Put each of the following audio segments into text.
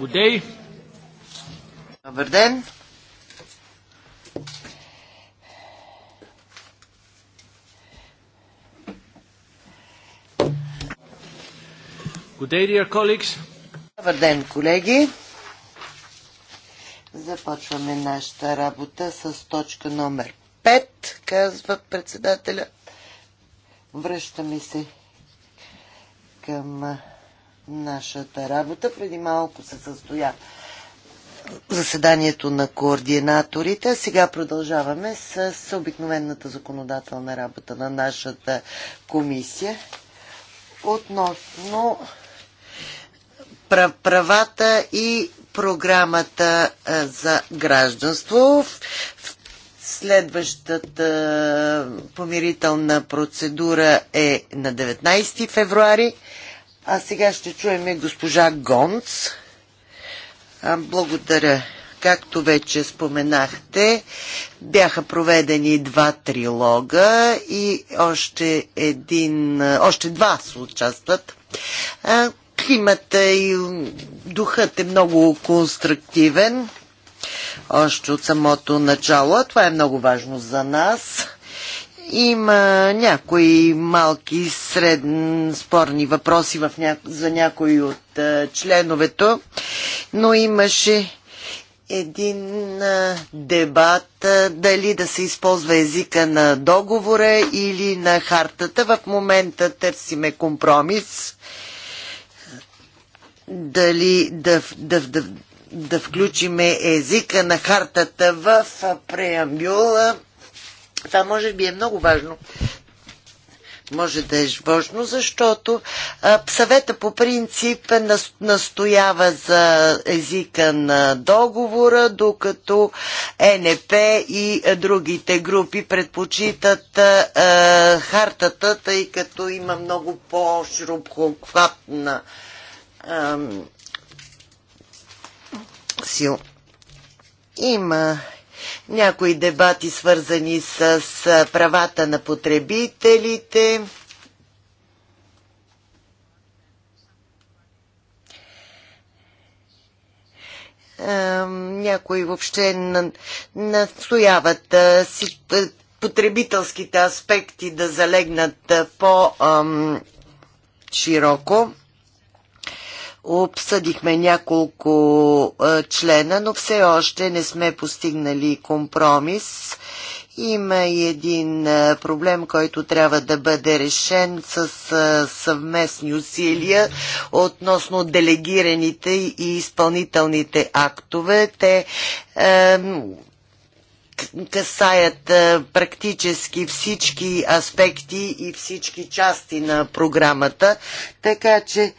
Good day. Добър ден. Good day, dear colleagues. Добър ден, колеги. Започваме нашата работа с точка номер 5, казва председателя. Връщаме се към нашата работа. Преди малко се състоя заседанието на координаторите. Сега продължаваме с обикновената законодателна работа на нашата комисия относно правата и програмата за гражданство. Следващата помирителна процедура е на 19 февруари. А сега ще чуем госпожа Гонц. Благодаря. Както вече споменахте, бяха проведени два трилога и още, един, още два се участват. Климата и духът е много конструктивен още от самото начало. Това е много важно за нас. Има някои малки средн спорни въпроси в ня... за някои от а, членовето, но имаше един а, дебат а, дали да се използва езика на договора или на хартата. В момента търсиме компромис. Дали да, да, да, да включиме езика на хартата в преамбюла това може би е много важно. Може да е важно, защото а, съвета по принцип нас, настоява за езика на договора, докато НП и другите групи предпочитат а, хартата, тъй като има много по-широкохватна сила. Има някои дебати свързани с правата на потребителите. някои въобще настояват потребителските аспекти да залегнат по-широко. Обсъдихме няколко е, члена, но все още не сме постигнали компромис. Има и един е, проблем, който трябва да бъде решен с е, съвместни усилия относно делегираните и изпълнителните актове. Те а, касаят а, практически всички аспекти и всички части на програмата, така че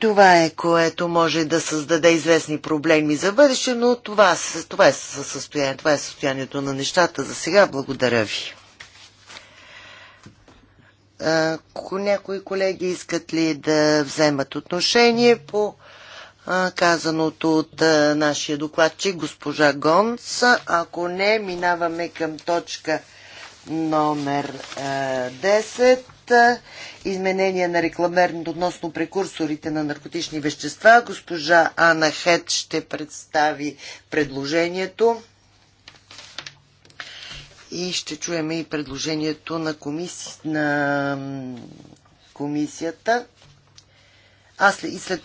Това е, което може да създаде известни проблеми за бъдеще, но това, това, е, състояние, това е състоянието на нещата за сега. Благодаря ви. Ако някои колеги искат ли да вземат отношение по казаното от нашия докладчик госпожа Гонц, ако не, минаваме към точка номер 10 изменение на рекламерното относно прекурсорите на наркотични вещества. Госпожа Ана Хет ще представи предложението. И ще чуем и предложението на, комиси... на комисията. Аз и след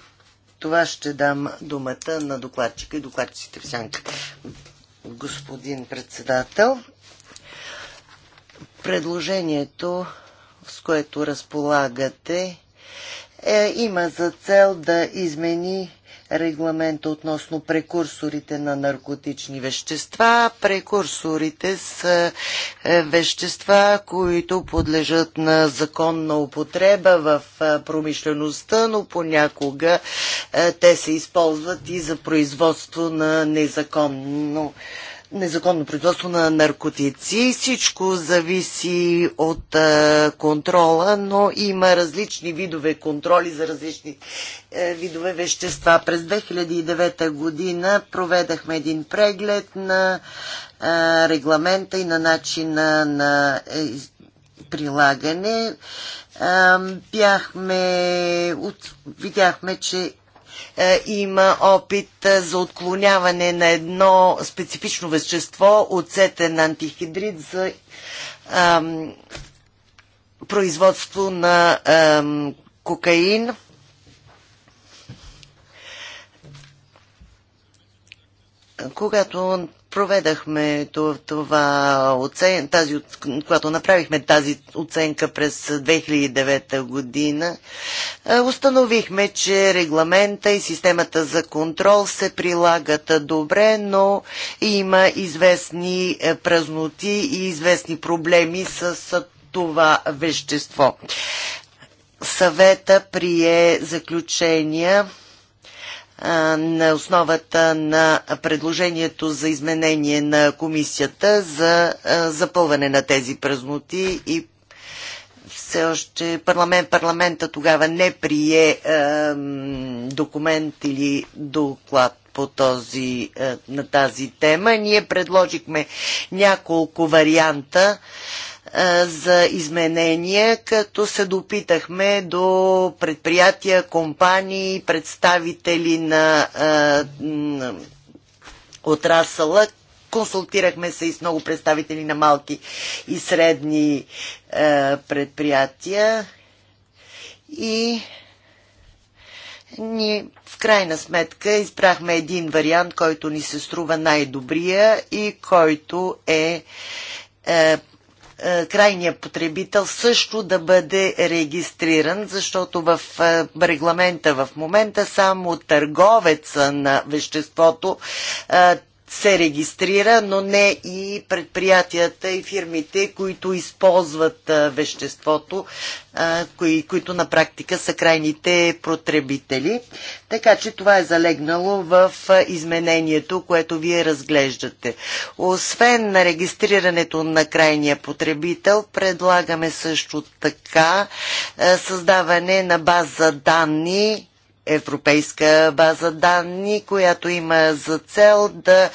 това ще дам думата на докладчика и докладчиците в сянка. Господин председател, предложението с което разполагате, е, има за цел да измени регламента относно прекурсорите на наркотични вещества. Прекурсорите са е, вещества, които подлежат на законна употреба в е, промишлеността, но понякога е, те се използват и за производство на незаконно незаконно производство на наркотици. Всичко зависи от а, контрола, но има различни видове контроли за различни а, е, видове вещества. През 2009 година проведахме един преглед на а, регламента и на начина на а, е, прилагане. А, бяхме, от, видяхме, че е, има опит е, за отклоняване на едно специфично вещество, оцетен антихидрид за ам, производство на ам, кокаин. Когато проведахме това оцен... тази, когато направихме тази оценка през 2009 година, е, установихме, че регламента и системата за контрол се прилагат добре, но има известни е, празноти и известни проблеми с това вещество. Съвета прие заключения на основата на предложението за изменение на комисията за запълване на тези празноти и все още парламент, парламента тогава не прие е, документ или доклад по този, е, на тази тема. Ние предложихме няколко варианта. Е, за изменения, като се допитахме до предприятия, компании, представители на, отрасъла. Консултирахме се и с много представители на малки и средни предприятия. И ни в крайна сметка избрахме един вариант, който ни се струва най-добрия и който е, е е, крайния потребител също да бъде регистриран, защото в е, регламента в момента само търговеца на веществото е, се регистрира, но не и предприятията и фирмите, които използват веществото, кои, които на практика са крайните потребители. Така че това е залегнало в изменението, което вие разглеждате. Освен на регистрирането на крайния потребител, предлагаме също така създаване на база данни европейска база данни, която има за цел да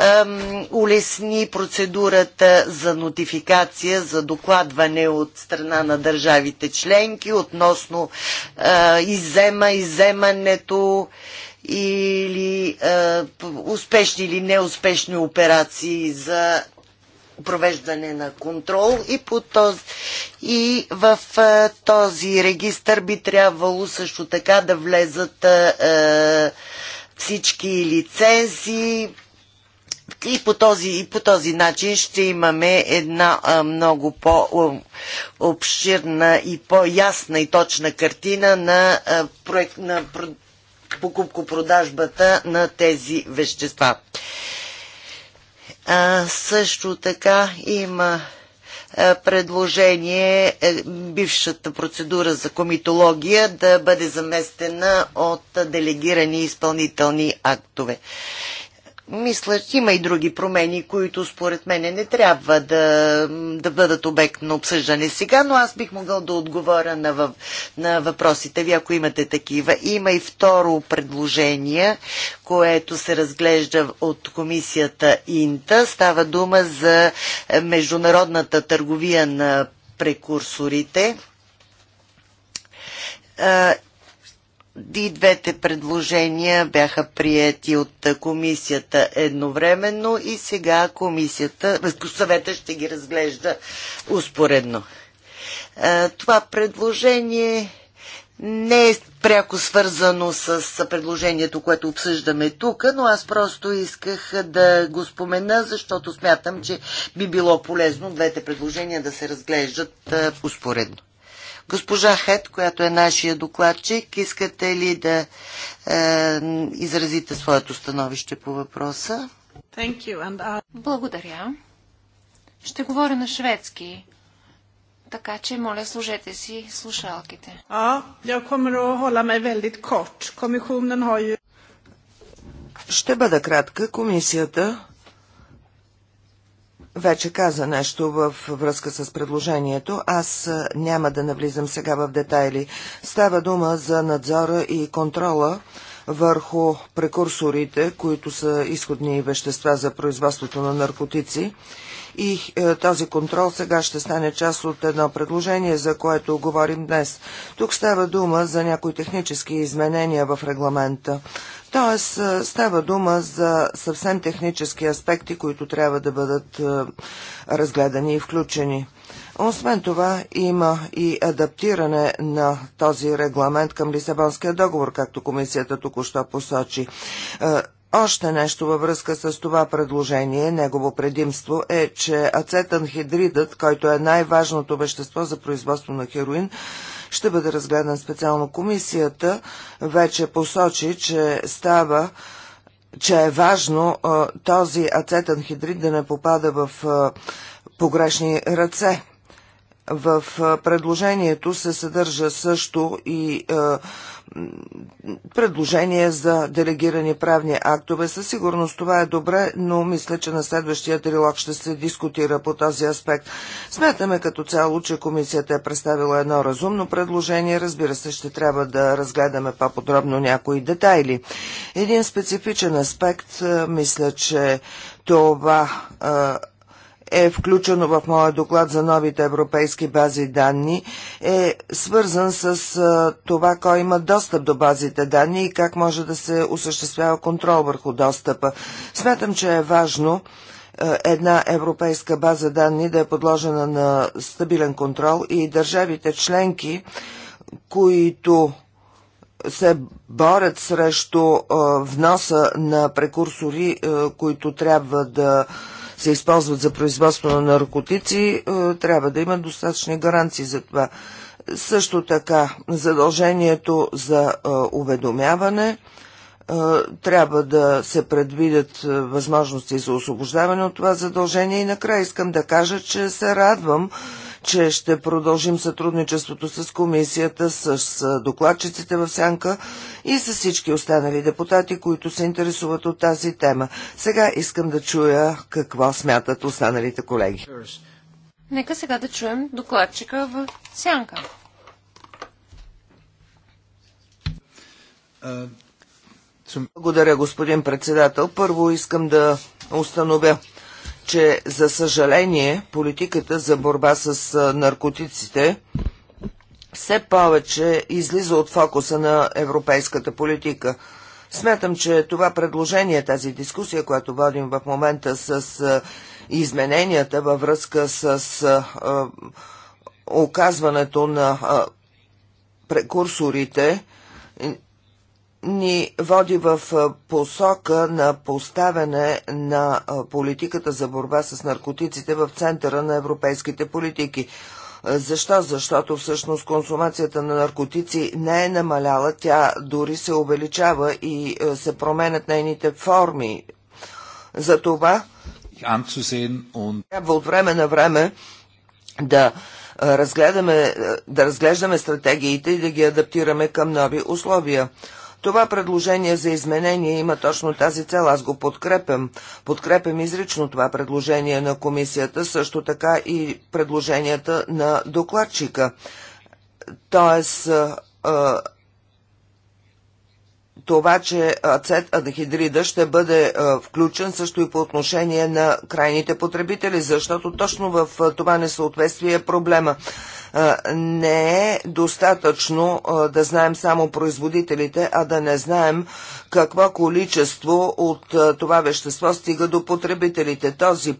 ем, улесни процедурата за нотификация, за докладване от страна на държавите членки относно е, иззема, изземането или е, успешни или неуспешни операции за провеждане на контрол и, по този, и в а, този регистър би трябвало също така да влезат а, всички лицензи и по този, и по този начин ще имаме една а, много по-обширна и по-ясна и точна картина на, а, проект, на покупко-продажбата на тези вещества също така има предложение е, бившата процедура за комитология да бъде заместена от делегирани изпълнителни актове мисля, че има и други промени, които според мен не трябва да, да бъдат обект на обсъждане сега, но аз бих могъл да отговоря на, във, на въпросите ви, ако имате такива. Има и второ предложение, което се разглежда от комисията Инта. Става дума за международната търговия на прекурсорите и двете предложения бяха приети от комисията едновременно и сега комисията, съвета ще ги разглежда успоредно. Това предложение не е пряко свързано с предложението, което обсъждаме тук, но аз просто исках да го спомена, защото смятам, че би било полезно двете предложения да се разглеждат успоредно. Госпожа Хет, която е нашия докладчик, искате ли да е, изразите своето становище по въпроса? I... Uh, Благодаря. Ще говоря на шведски, така че моля служете си слушалките. kommer hålla mig väldigt kort. har ju... Ще бъда кратка. Комисията вече каза нещо в връзка с предложението. Аз няма да навлизам сега в детайли. Става дума за надзора и контрола върху прекурсорите, които са изходни вещества за производството на наркотици. И е, този контрол сега ще стане част от едно предложение, за което говорим днес. Тук става дума за някои технически изменения в регламента. Тоест става дума за съвсем технически аспекти, които трябва да бъдат разгледани и включени. Освен това, има и адаптиране на този регламент към Лисабонския договор, както комисията току-що посочи. Още нещо във връзка с това предложение, негово предимство е, че ацетанхидридът, който е най-важното вещество за производство на хероин, ще бъде разгледан специално. Комисията вече посочи, че става че е важно този ацетан хидрид да не попада в погрешни ръце. В предложението се съдържа също и предложение за делегирани правни актове. Със сигурност това е добре, но мисля, че на следващия трилог ще се дискутира по този аспект. Смятаме като цяло, че комисията е представила едно разумно предложение. Разбира се, ще трябва да разгледаме по-подробно някои детайли. Един специфичен аспект, мисля, че това е включено в моя доклад за новите европейски бази данни, е свързан с това, кой има достъп до базите данни и как може да се осъществява контрол върху достъпа. Смятам, че е важно една европейска база данни да е подложена на стабилен контрол и държавите членки, които се борят срещу вноса на прекурсори, които трябва да се използват за производство на наркотици, е, трябва да има достатъчни гаранции за това. Също така задължението за е, уведомяване е, трябва да се предвидят възможности за освобождаване от това задължение и накрая искам да кажа, че се радвам, че ще продължим сътрудничеството с комисията, с докладчиците в Сянка и с всички останали депутати, които се интересуват от тази тема. Сега искам да чуя какво смятат останалите колеги. Нека сега да чуем докладчика в Сянка. Благодаря, господин председател. Първо искам да установя че за съжаление политиката за борба с наркотиците все повече излиза от фокуса на европейската политика. Смятам, че това предложение, тази дискусия, която водим в момента с измененията във връзка с оказването на прекурсорите, ни води в посока на поставяне на политиката за борба с наркотиците в центъра на европейските политики. Защо? Защото всъщност консумацията на наркотици не е намаляла, тя дори се увеличава и се променят нейните форми. За това трябва от време на време да разгледаме, да разглеждаме стратегиите и да ги адаптираме към нови условия. Това предложение за изменение има точно тази цел. Аз го подкрепям. Подкрепям изрично това предложение на комисията, също така и предложенията на докладчика. Тоест, това, че ацет анхидрида ще бъде е, включен също и по отношение на крайните потребители, защото точно в е, това несъответствие е проблема. Е, не е достатъчно да знаем само производителите, а да не знаем какво количество от това вещество стига до потребителите. Този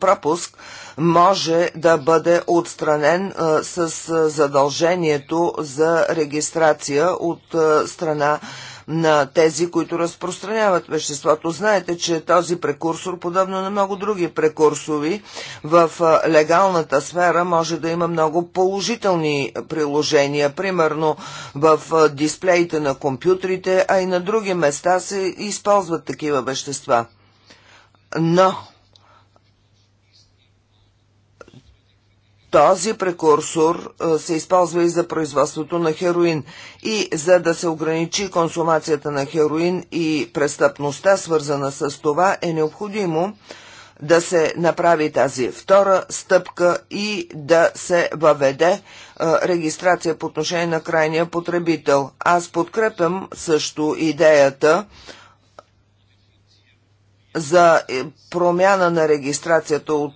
пропуск може да бъде отстранен с задължението за регистрация от страна на тези, които разпространяват веществото. Знаете, че този прекурсор, подобно на много други прекурсови, в легалната сфера може да има много положителни приложения. Примерно в дисплеите на компютрите, а и на други места се използват такива вещества. Но този прекурсор се използва и за производството на хероин. И за да се ограничи консумацията на хероин и престъпността, свързана с това, е необходимо да се направи тази втора стъпка и да се въведе регистрация по отношение на крайния потребител. Аз подкрепям също идеята за е, промяна на регистрацията от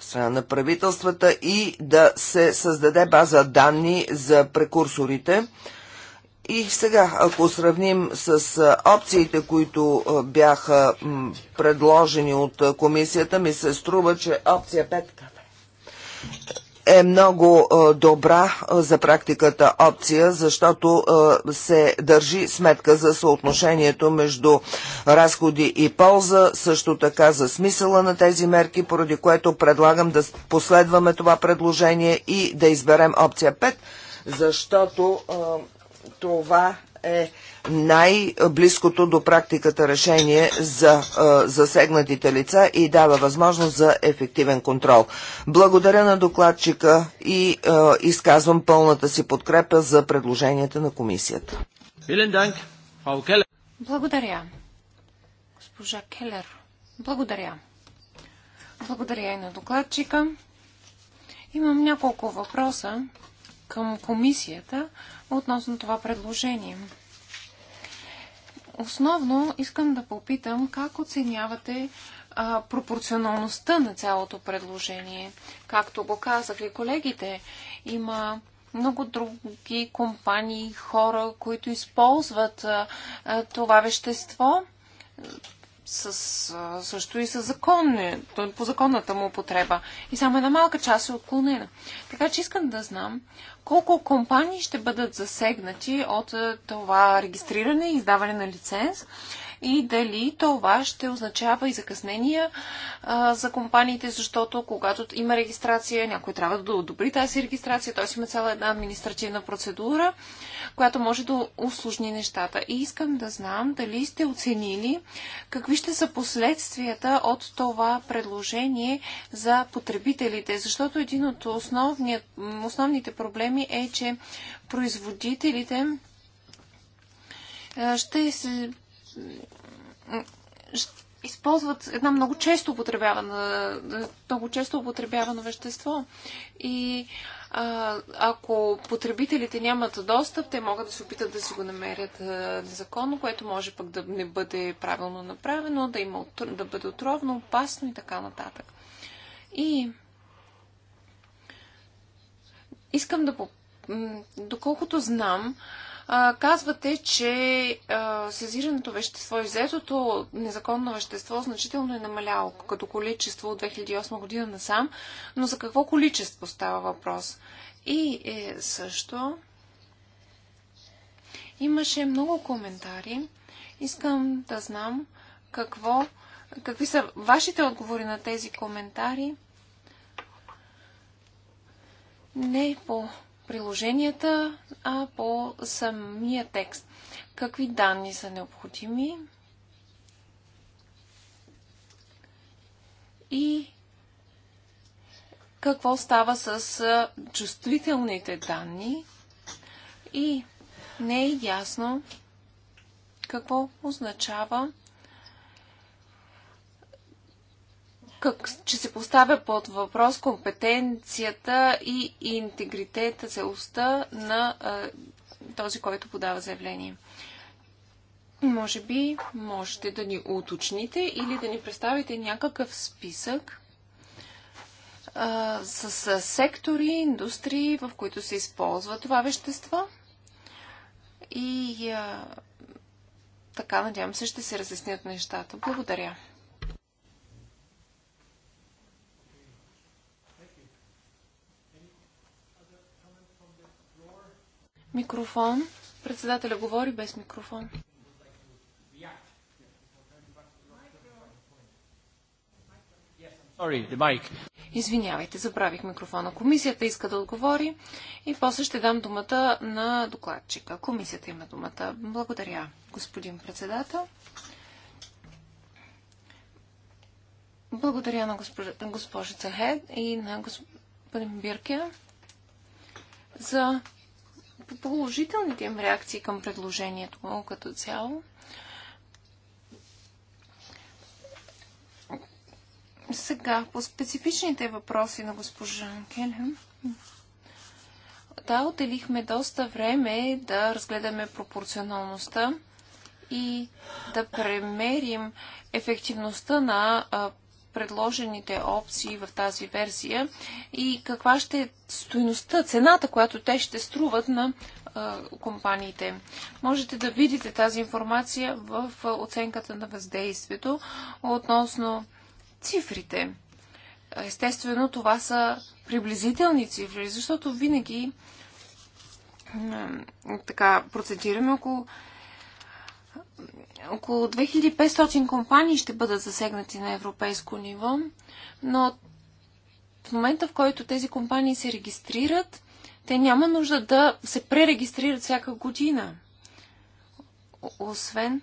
страна на правителствата и да се създаде база данни за прекурсорите. И сега, ако сравним с опциите, които бяха предложени от комисията, ми се струва, че опция 5 е много е, добра е, за практиката опция, защото е, се държи сметка за съотношението между разходи и полза, също така за смисъла на тези мерки, поради което предлагам да последваме това предложение и да изберем опция 5, защото това е най-близкото до практиката решение за засегнатите лица и дава възможност за ефективен контрол. Благодаря на докладчика и изказвам пълната си подкрепа за предложенията на комисията. Благодаря. Госпожа Келер, благодаря. Благодаря и на докладчика. Имам няколко въпроса към комисията, относно това предложение. Основно искам да попитам как оценявате а, пропорционалността на цялото предложение. Както го казах и колегите, има много други компании, хора, които използват а, това вещество с, също и с законни, по законната му употреба. И само една малка част е отклонена. Така че искам да знам колко компании ще бъдат засегнати от това регистриране и издаване на лиценз и дали това ще означава и закъснения а, за компаниите, защото когато има регистрация, някой трябва да одобри тази регистрация, т.е. има цяла една административна процедура която може да усложни нещата. И искам да знам дали сте оценили какви ще са последствията от това предложение за потребителите, защото един от основните проблеми е, че производителите е, ще се използват една много често употребявана, е, много често употребявано вещество. И ако потребителите нямат достъп, те могат да се опитат да си го намерят незаконно, което може пък да не бъде правилно направено, да, има, да бъде отровно, опасно и така нататък. И искам да. Доколкото знам, а, казвате, че а, сезираното вещество и взетото незаконно вещество значително е намаляло като количество от 2008 година насам, но за какво количество става въпрос? И е, също имаше много коментари. Искам да знам какво, какви са вашите отговори на тези коментари. Не по приложенията, а по самия текст. Какви данни са необходими? И какво става с чувствителните данни? И не е ясно какво означава как, че се поставя под въпрос компетенцията и интегритета, целостта на а, този, който подава заявление. Може би можете да ни уточните или да ни представите някакъв списък а, с, с сектори, индустрии, в които се използва това вещество. И а, така, надявам се, ще се разяснят нещата. Благодаря. Микрофон. Председателя говори без микрофон. Извинявайте, забравих микрофона. Комисията иска да отговори и после ще дам думата на докладчика. Комисията има думата. Благодаря, господин председател. Благодаря на госпожа, госпожица Хед и на господин Бирке за по положителните им реакции към предложението му като цяло. Сега, по специфичните въпроси на госпожа Келем. Да, отделихме доста време да разгледаме пропорционалността и да премерим ефективността на а, предложените опции в тази версия и каква ще е стоеността, цената, която те ще струват на а, компаниите. Можете да видите тази информация в оценката на въздействието относно цифрите. Естествено, това са приблизителни цифри, защото винаги така процентираме около около 2500 компании ще бъдат засегнати на европейско ниво, но в момента, в който тези компании се регистрират, те няма нужда да се пререгистрират всяка година. Освен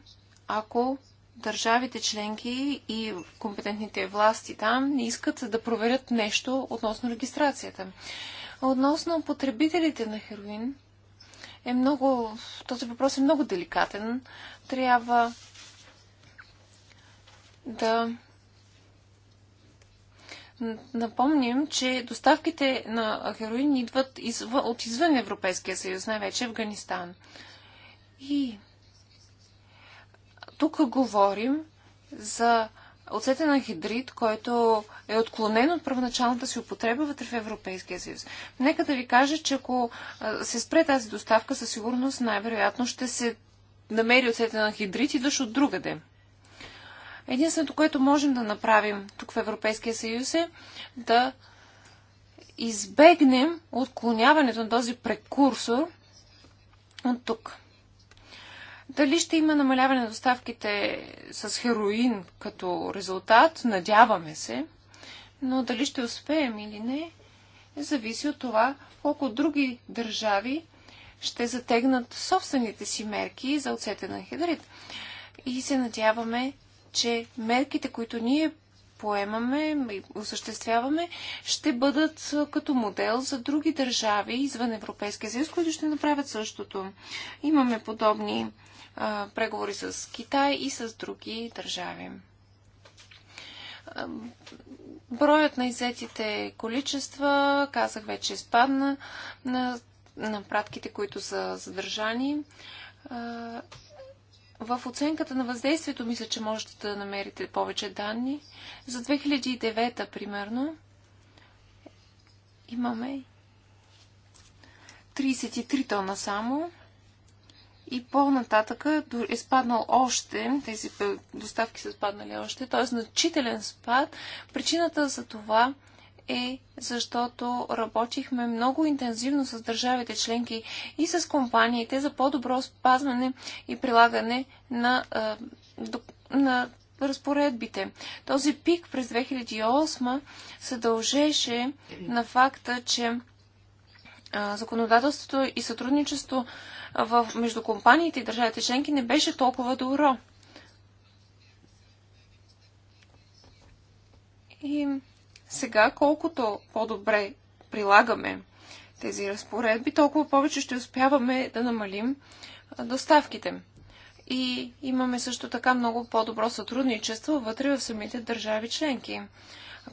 ако държавите членки и компетентните власти там не искат да проверят нещо относно регистрацията. Относно потребителите на хероин, е много, този въпрос е много деликатен. Трябва да напомним, че доставките на хероин идват извън, от извън Европейския съюз, най-вече Афганистан. И тук говорим за оцетен анхидрид, който е отклонен от първоначалната си употреба вътре в Европейския съюз. Нека да ви кажа, че ако се спре тази доставка, със сигурност най-вероятно ще се намери оцетен анхидрид и дъжд от другаде. Единственото, което можем да направим тук в Европейския съюз е да избегнем отклоняването на този прекурсор от тук. Дали ще има намаляване на доставките с хероин като резултат? Надяваме се. Но дали ще успеем или не, зависи от това колко други държави ще затегнат собствените си мерки за оцетен анхидрид. И се надяваме, че мерките, които ние поемаме и осъществяваме, ще бъдат като модел за други държави извън Европейския съюз, които ще направят същото. Имаме подобни преговори с Китай и с други държави. Броят на изетите количества, казах вече, спадна на, на пратките, които са задържани. в оценката на въздействието мисля, че можете да намерите повече данни. За 2009, примерно, имаме 33 тона само и по-нататъка е спаднал още, тези доставки са спаднали още, т.е. значителен спад. Причината за това е защото работихме много интензивно с държавите членки и с компаниите за по-добро спазване и прилагане на, на разпоредбите. Този пик през 2008 се дължеше на факта, че законодателството и сътрудничество в, между компаниите и държавите членки не беше толкова добро. И сега, колкото по-добре прилагаме тези разпоредби, толкова повече ще успяваме да намалим доставките. И имаме също така много по-добро сътрудничество вътре в самите държави членки,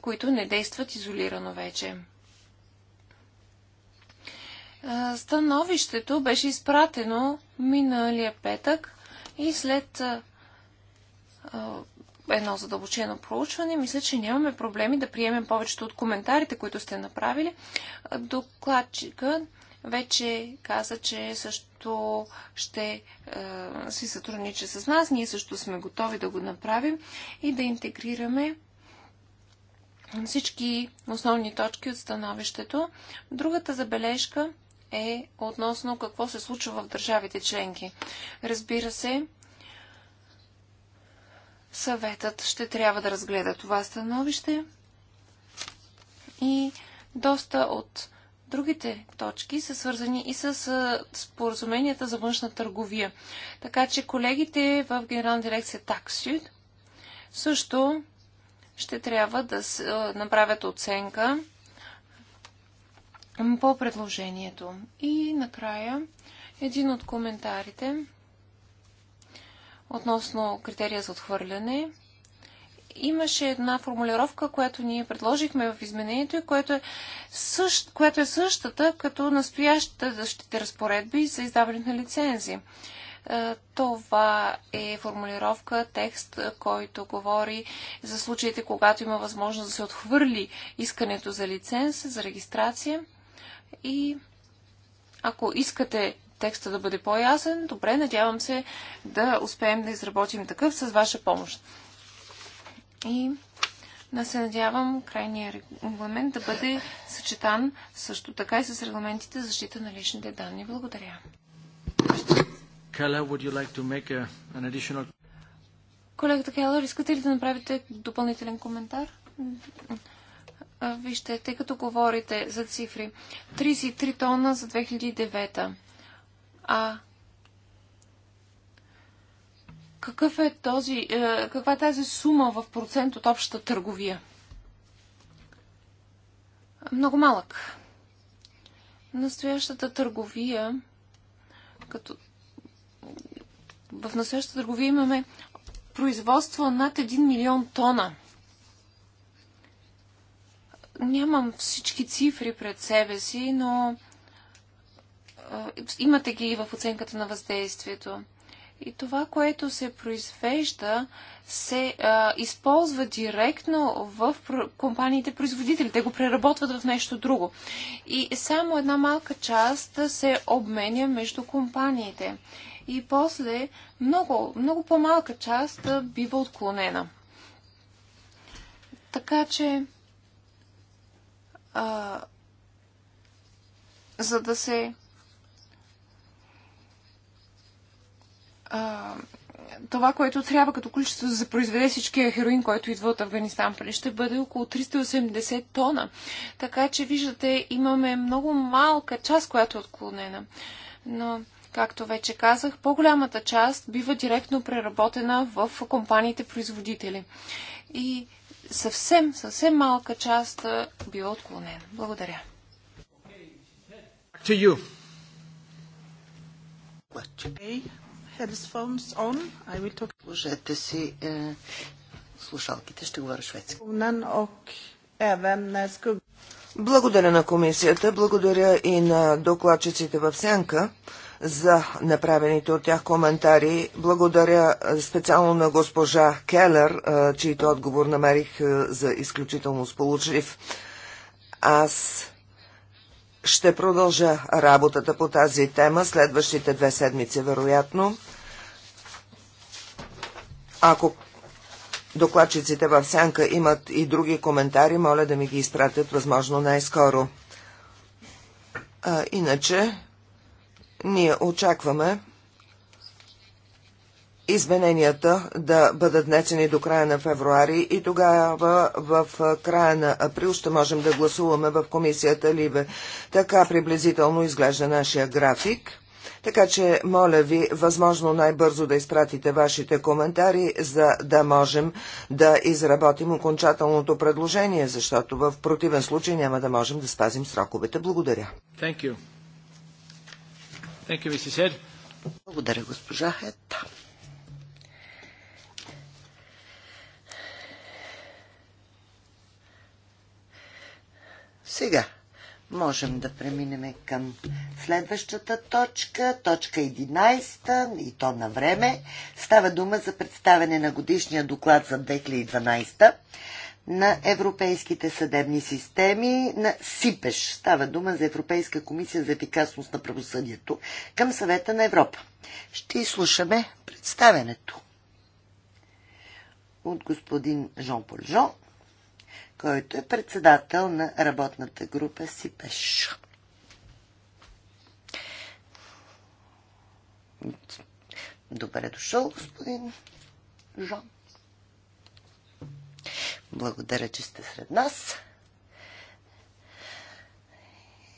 които не действат изолирано вече. Становището беше изпратено миналия петък и след едно задълбочено проучване, мисля, че нямаме проблеми да приемем повечето от коментарите, които сте направили. Докладчика вече каза, че също ще е, си сътрудничи с нас. Ние също сме готови да го направим и да интегрираме всички основни точки от становището. Другата забележка е относно какво се случва в държавите членки. Разбира се, съветът ще трябва да разгледа това становище и доста от другите точки са свързани и с споразуменията за външна търговия. Така че колегите в Генерална дирекция Таксюд също ще трябва да направят оценка по предложението. И накрая един от коментарите относно критерия за отхвърляне. Имаше една формулировка, която ние предложихме в изменението и което е, същ, което е същата като настоящите защитите разпоредби за издаване на лицензи. Е, това е формулировка, текст, който говори за случаите, когато има възможност да се отхвърли искането за лиценз, за регистрация. И ако искате текста да бъде по-ясен, добре, надявам се да успеем да изработим такъв с ваша помощ. И да се надявам крайния регламент да бъде съчетан също така и с регламентите за защита на личните данни. Благодаря. Колегата Келър, искате ли да направите допълнителен коментар? вижте, тъй като говорите за цифри, 33 тона за 2009. А какъв е този, е, каква е тази сума в процент от общата търговия? Много малък. Настоящата търговия, като в настоящата търговия имаме производство над 1 милион тона – Нямам всички цифри пред себе си, но имате ги и в оценката на въздействието. И това, което се произвежда, се а, използва директно в компаниите производители. Те го преработват в нещо друго. И само една малка част се обменя между компаниите. И после много, много по-малка част бива отклонена. Така че а, за да се а, това, което трябва като количество да произведе всичкия е хероин, който идва от Афганистан, нали ще бъде около 380 тона. Така че, виждате, имаме много малка част, която е отклонена. Но, както вече казах, по-голямата част бива директно преработена в компаниите производители. И съвсем, съвсем малка част била отклонена. Благодаря. To you. Служете си е, слушалките, ще говоря шведски. Е, благодаря на комисията, благодаря и на докладчиците в Сянка за направените от тях коментари. Благодаря специално на госпожа Келер, чийто отговор намерих за изключително сполучлив. Аз ще продължа работата по тази тема следващите две седмици, вероятно. Ако докладчиците в Сянка имат и други коментари, моля да ми ги изпратят възможно най-скоро. иначе, ние очакваме измененията да бъдат внесени до края на февруари и тогава в края на април ще можем да гласуваме в комисията Либе. Така приблизително изглежда нашия график. Така че, моля ви, възможно най-бързо да изпратите вашите коментари, за да можем да изработим окончателното предложение, защото в противен случай няма да можем да спазим сроковете. Благодаря. Thank you. Благодаря, госпожа Хет. Сега можем да преминем към следващата точка, точка 11, и то на време. Става дума за представяне на годишния доклад за 2012 на европейските съдебни системи на СИПЕШ. Става дума за Европейска комисия за ефикасност на правосъдието към съвета на Европа. Ще изслушаме представенето от господин Жон Польжо, който е председател на работната група СИПЕШ. Добре дошъл, господин Жон. Благодаря, че сте сред нас.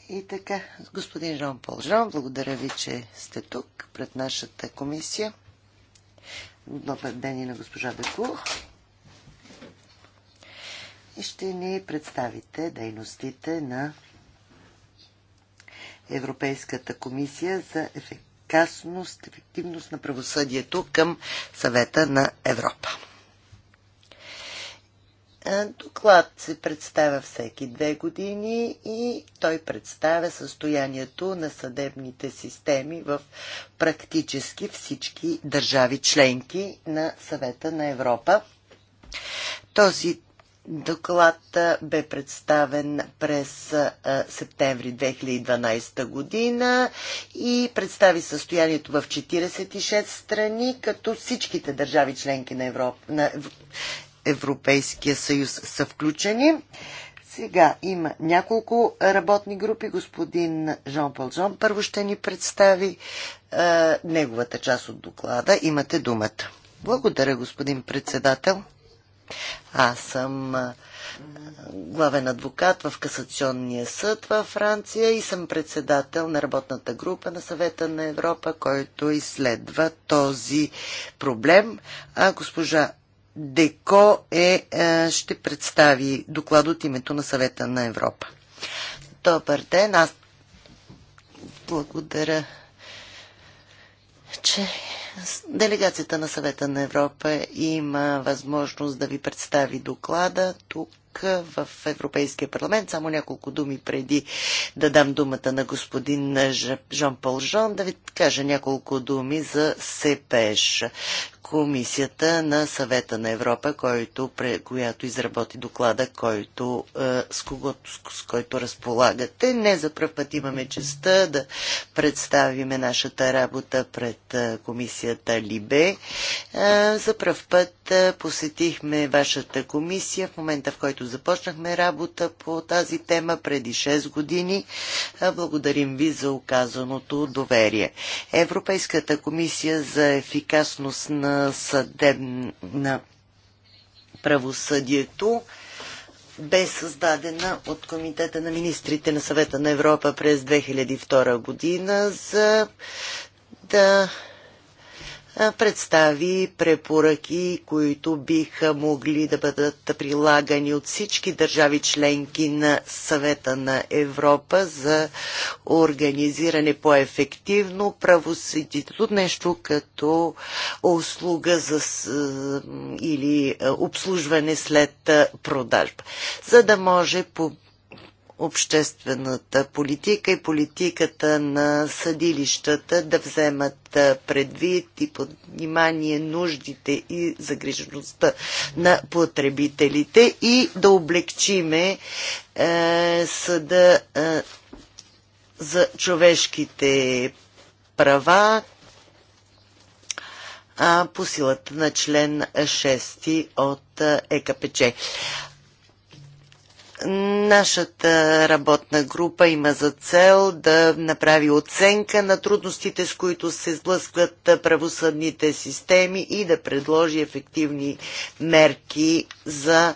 И така, господин Жан Пол Жан, благодаря ви, че сте тук пред нашата комисия. Добър ден и на госпожа Беку. И ще ни представите дейностите на Европейската комисия за ефективност, ефективност на правосъдието към съвета на Европа. Е, доклад се представя всеки две години и той представя състоянието на съдебните системи в практически всички държави членки на съвета на Европа. Този доклад е, бе представен през е, септември 2012 година и представи състоянието в 46 страни, като всичките държави членки на, Европа, на Европейския съюз са включени. Сега има няколко работни групи. Господин Жан Пължон първо ще ни представи е, неговата част от доклада. Имате думата. Благодаря, господин председател. Аз съм главен адвокат в Касационния съд във Франция и съм председател на работната група на съвета на Европа, който изследва този проблем. А госпожа Деко е, е, ще представи доклад от името на съвета на Европа. Добър ден, аз благодаря, че делегацията на съвета на Европа има възможност да ви представи доклада тук тук в Европейския парламент. Само няколко думи преди да дам думата на господин Жан-Пол Жон, да ви кажа няколко думи за СПЕШ. Комисията на съвета на Европа, който, която изработи доклада, който, е, с, когото, с който разполагате. Не за пръв път имаме честа да представиме нашата работа пред е, комисията Либе. Е, за пръв път посетихме вашата комисия в момента, в който започнахме работа по тази тема преди 6 години. Благодарим ви за оказаното доверие. Европейската комисия за ефикасност на съдебна правосъдието бе създадена от Комитета на министрите на съвета на Европа през 2002 година за да представи препоръки, които биха могли да бъдат прилагани от всички държави членки на съвета на Европа за организиране по-ефективно правосъдието, нещо като услуга за, е, или е, обслужване след е, продажба, за да може по обществената политика и политиката на съдилищата да вземат предвид и под внимание нуждите и загрижеността на потребителите и да облегчиме е, съда е, за човешките права а, по силата на член 6 от е, ЕКПЧ. Нашата работна група има за цел да направи оценка на трудностите, с които се сблъскват правосъдните системи и да предложи ефективни мерки за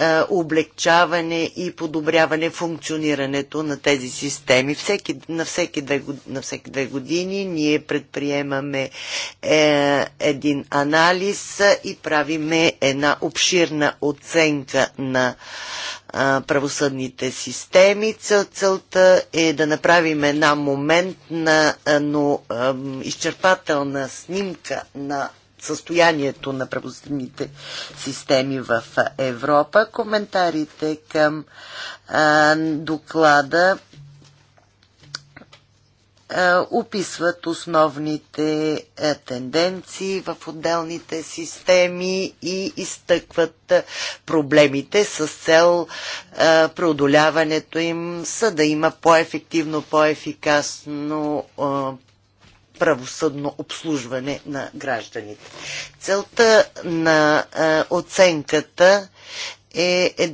е, облегчаване и подобряване функционирането на тези системи. Всеки, на, всеки две, на всеки две години ние предприемаме е, един анализ и правиме една обширна оценка на правосъдните системи. Цел, целта е да направим една моментна, но изчерпателна снимка на състоянието на правосъдните системи в Европа. Коментарите към а, доклада е, описват основните е, тенденции в отделните системи и изтъкват е, проблемите с цел преодоляването им, са да има по-ефективно, по-ефикасно правосъдно обслужване на гражданите. Целта на оценката е, е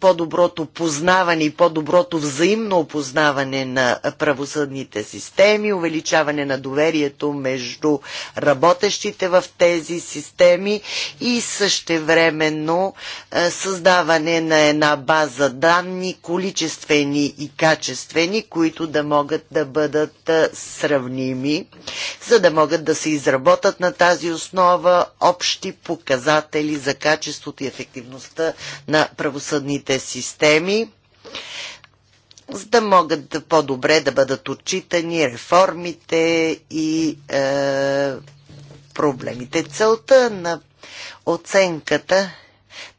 по-доброто познаване и по-доброто взаимно опознаване на правосъдните системи, увеличаване на доверието между работещите в тези системи и същевременно е, създаване на една база данни, количествени и качествени, които да могат да бъдат е, сравними, за да могат да се изработат на тази основа общи показатели за качеството и ефективността на правосъдните системи, за да могат по-добре да бъдат отчитани реформите и е, проблемите. Целта на оценката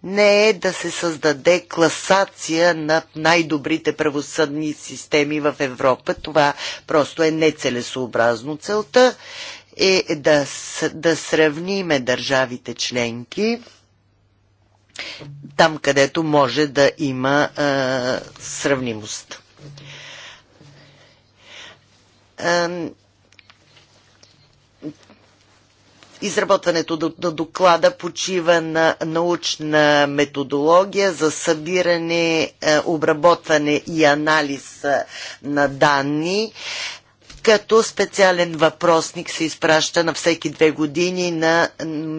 не е да се създаде класация на най-добрите правосъдни системи в Европа. Това просто е нецелесообразно. Целта е да, да сравниме държавите членки там, където може да има а, сравнимост. Изработването на доклада почива на научна методология за събиране, обработване и анализ на данни като специален въпросник се изпраща на всеки две години на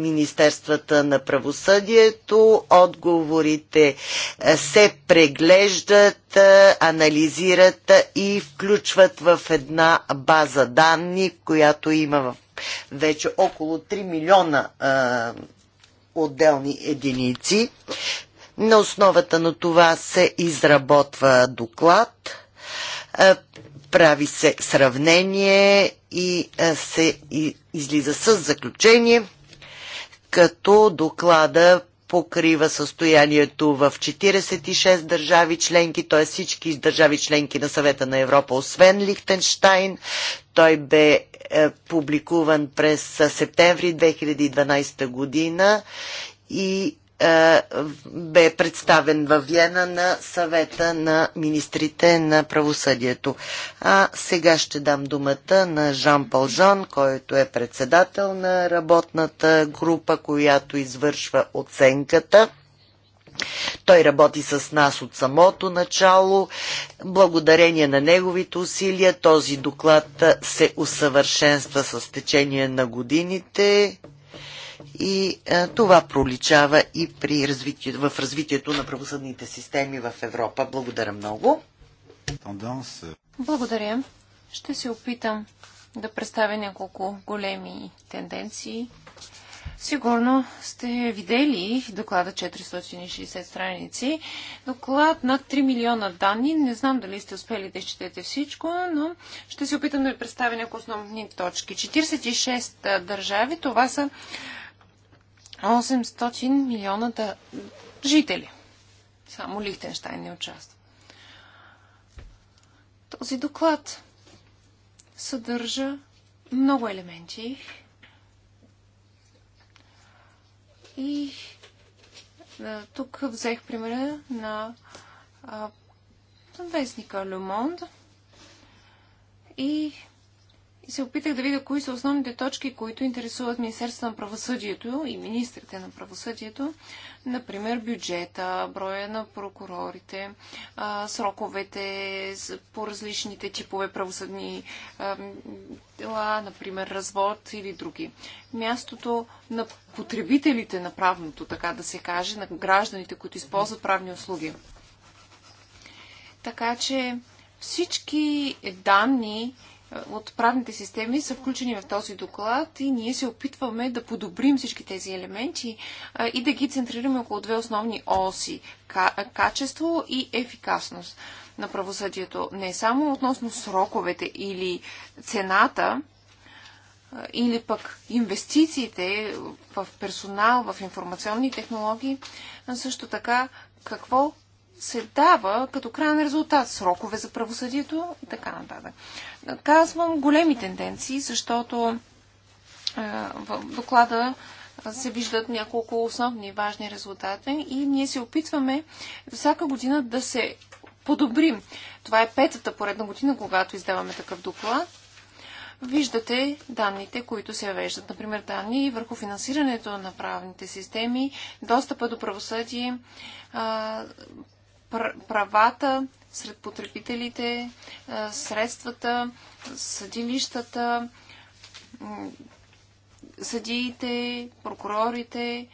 Министерствата на правосъдието. Отговорите е, се преглеждат, е, анализират е, и включват в една база данни, която има вече около 3 милиона отделни единици. На основата на това се изработва доклад прави се сравнение и е, се излиза с заключение, като доклада покрива състоянието в 46 държави членки, т.е. всички държави членки на съвета на Европа, освен Лихтенштайн. Той бе е, публикуван през септември 2012 година и е, бе представен във Виена на съвета на министрите на правосъдието. А сега ще дам думата на Жан Пължан, който е председател на работната група, която извършва оценката. Той работи с нас от самото начало. Благодарение на неговите усилия този доклад се усъвършенства с течение на годините и а, е, това проличава и при развитие, в развитието на правосъдните системи в Европа. Благодаря много. Благодаря. Ще се опитам да представя няколко големи тенденции. Сигурно сте видели доклада 460 страници. Доклад над 3 милиона данни. Не знам дали сте успели да изчетете всичко, но ще се опитам да ви представя някои основни точки. 46 държави, това са 800 милиона да... жители. Само Лихтенштайн не участва. Този доклад съдържа много елементи и да, тук взех примера на а, вестника Le Monde и и се опитах да видя кои са основните точки, които интересуват Министерството на правосъдието и министрите на правосъдието. Например, бюджета, броя на прокурорите, сроковете по различните типове правосъдни дела, например, развод или други. Мястото на потребителите на правното, така да се каже, на гражданите, които използват правни услуги. Така че всички данни, от правните системи са включени в този доклад и ние се опитваме да подобрим всички тези елементи и да ги центрираме около две основни оси качество и ефикасност на правосъдието. Не само относно сроковете или цената, или пък инвестициите в персонал, в информационни технологии, но също така какво се дава като крайен резултат, срокове за правосъдието и така нататък. Казвам големи тенденции, защото е, в доклада се виждат няколко основни важни резултати и ние се опитваме всяка година да се подобрим. Това е петата поредна година, когато издаваме такъв доклад. Виждате данните, които се веждат. Например, данни върху финансирането на правните системи, достъпа до правосъдие, правата сред потребителите, е, средствата, съдилищата, съдиите, прокурорите, е,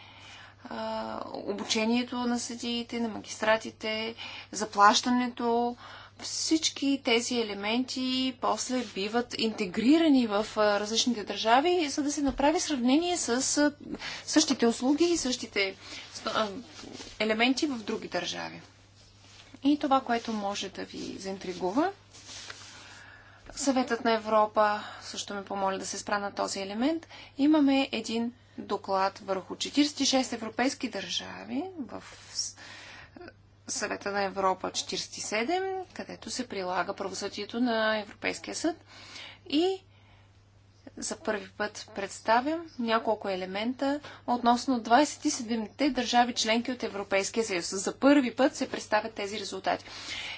обучението на съдиите, на магистратите, заплащането, всички тези елементи после биват интегрирани в е, различните държави, за да се направи сравнение с същите услуги и същите елементи в други държави. И това, което може да ви заинтригува, Съветът на Европа също ме помоли да се спра на този елемент. Имаме един доклад върху 46 европейски държави в Съвета на Европа 47, където се прилага правосъдието на Европейския съд. И за първи път представям няколко елемента относно 27-те държави членки от Европейския съюз. За първи път се представят тези резултати.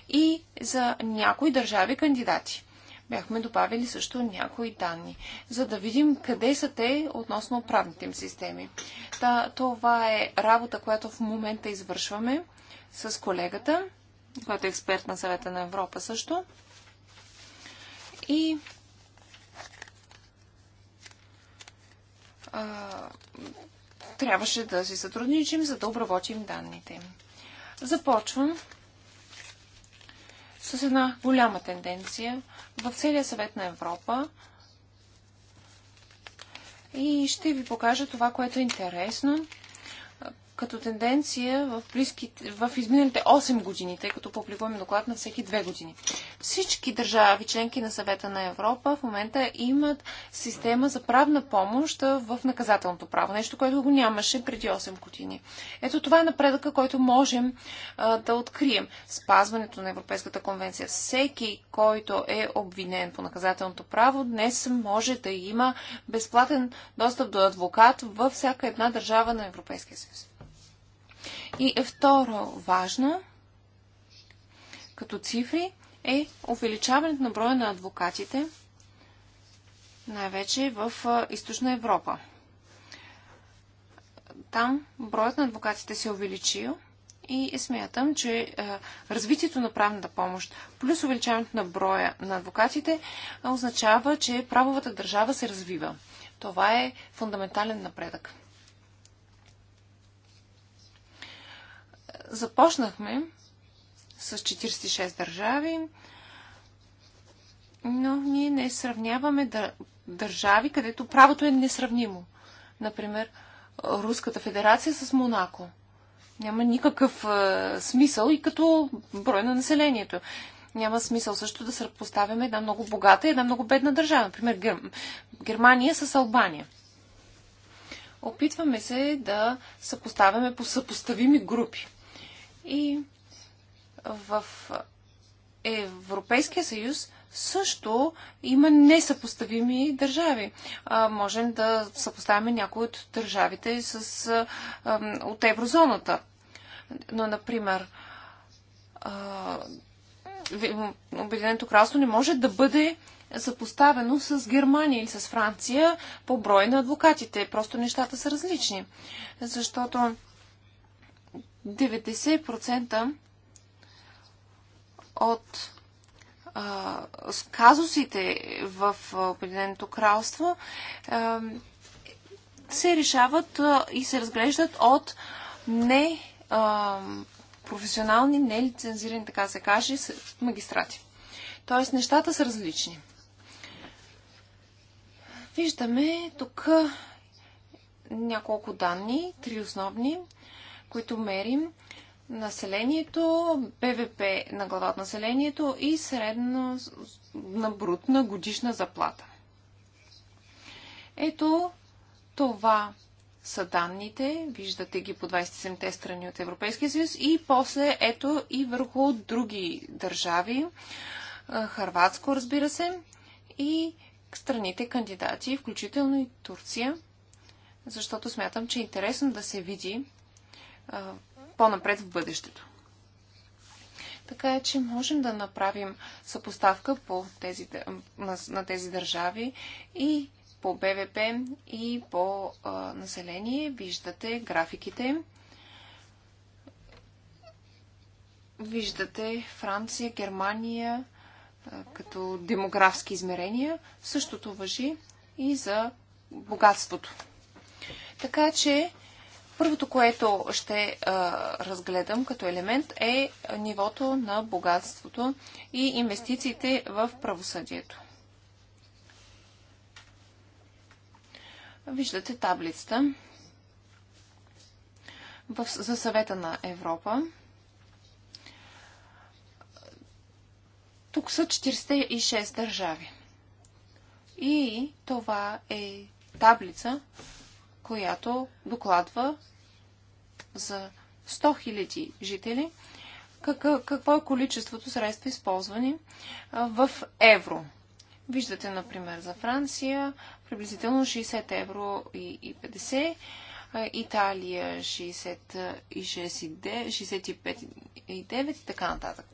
И за някои държави кандидати. Бяхме добавили също някои данни, за да видим къде са те относно правните им системи. Та, това е работа, която в момента извършваме с колегата, който е експерт на съвета на Европа също. И а, трябваше да си сътрудничим, за да обработим данните. Започвам с една голяма тенденция в целия съвет на Европа и ще ви покажа това, което е интересно като тенденция в, близките, в изминалите 8 години, тъй като публикуваме доклад на всеки 2 години. Всички държави, членки на съвета на Европа, в момента имат система за правна помощ в наказателното право, нещо, което го нямаше преди 8 години. Ето това е напредъка, който можем а, да открием. Спазването на Европейската конвенция. Всеки, който е обвинен по наказателното право, днес може да има безплатен достъп до адвокат във всяка една държава на Европейския съюз. И е втора важна като цифри е увеличаването на броя на адвокатите, най-вече в Източна Европа. Там броят на адвокатите се е увеличил и смятам, че развитието на правната помощ плюс увеличаването на броя на адвокатите означава, че правовата държава се развива. Това е фундаментален напредък. Започнахме с 46 държави, но ние не сравняваме държави, където правото е несравнимо. Например, Руската федерация с Монако. Няма никакъв е, смисъл и като брой на населението. Няма смисъл също да съпоставяме една много богата и една много бедна държава. Например, Гер... Германия с Албания. Опитваме се да съпоставяме по съпоставими групи. И в Европейския съюз също има несъпоставими държави. А, можем да съпоставяме някои от държавите с, а, от еврозоната. Но, например, Обединеното кралство не може да бъде съпоставено с Германия или с Франция по брой на адвокатите. Просто нещата са различни. Защото 90% от а, казусите в Обединеното кралство а, се решават а, и се разглеждат от не а, професионални, нелицензирани, така се каже, магистрати. Тоест, нещата са различни. Виждаме тук няколко данни, три основни които мерим населението, БВП на глава от населението и средно на брутна годишна заплата. Ето това са данните, виждате ги по 27-те страни от Европейския съюз и после ето и върху други държави, Харватско разбира се, и страните кандидати, включително и Турция, защото смятам, че е интересно да се види по-напред в бъдещето. Така е, че можем да направим съпоставка по тези, на, на тези държави и по БВП и по а, население. Виждате графиките. Виждате Франция, Германия а, като демографски измерения. Същото въжи и за богатството. Така че Първото, което ще а, разгледам като елемент е нивото на богатството и инвестициите в правосъдието. Виждате таблицата в, за съвета на Европа. Тук са 46 държави. И това е таблица, която докладва за 100 000 жители какво е количеството средства използвани в евро. Виждате, например, за Франция приблизително 60 евро и 50, Италия 65,9 и така нататък.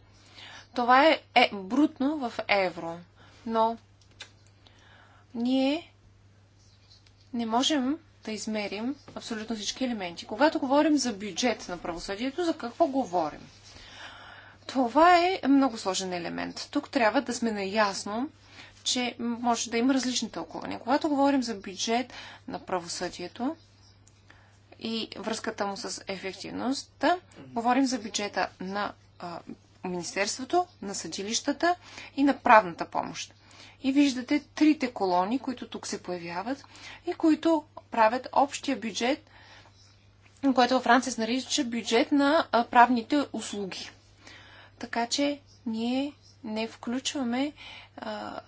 Това е, е брутно в евро, но ние не можем да измерим абсолютно всички елементи. Когато говорим за бюджет на правосъдието, за какво говорим? Това е много сложен елемент. Тук трябва да сме наясно, че може да има различни тълкования. Когато говорим за бюджет на правосъдието и връзката му с ефективността, говорим за бюджета на а, Министерството, на съдилищата и на правната помощ. И виждате трите колони, които тук се появяват и които правят общия бюджет, което във Франция се нарича бюджет на правните услуги. Така че ние не включваме а,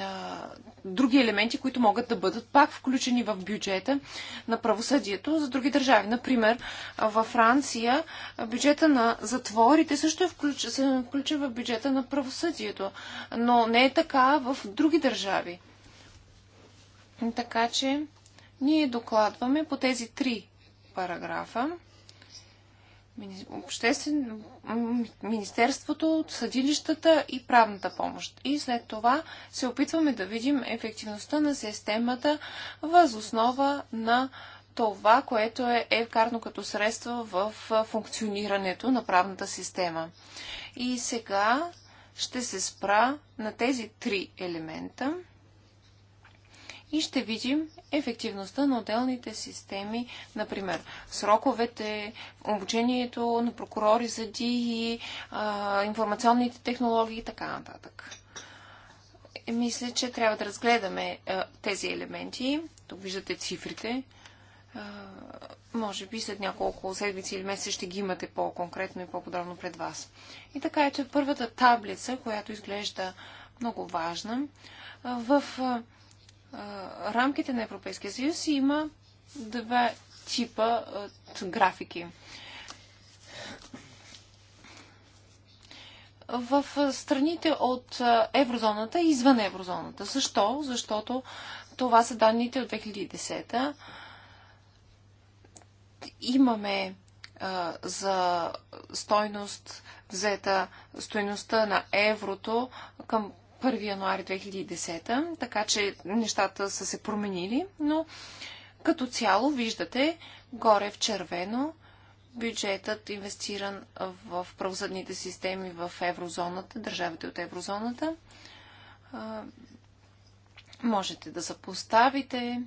а, други елементи, които могат да бъдат пак включени в бюджета на правосъдието за други държави. Например, във Франция бюджета на затворите също е включ, се включва в бюджета на правосъдието, но не е така в други държави. Така че ние докладваме по тези три параграфа обществен, Министерството, съдилищата и правната помощ. И след това се опитваме да видим ефективността на системата въз основа на това, което е, е вкарно като средство в функционирането на правната система. И сега ще се спра на тези три елемента – и ще видим ефективността на отделните системи, например, сроковете, обучението на прокурори, съдии, информационните технологии и така нататък. Е, мисля, че трябва да разгледаме тези елементи. Тук виждате цифрите. Може би след няколко седмици или месеца ще ги имате по-конкретно и по-подробно пред вас. И така, ето е първата таблица, която изглежда много важна. В рамките на Европейския съюз има два типа графики. в страните от еврозоната и извън еврозоната. Защо? Защото това са данните от 2010. Имаме а, за стойност взета стойността на еврото към 1 януари 2010, така че нещата са се променили, но като цяло виждате горе в червено бюджетът инвестиран в правосъдните системи в еврозоната, държавите от еврозоната. Можете да съпоставите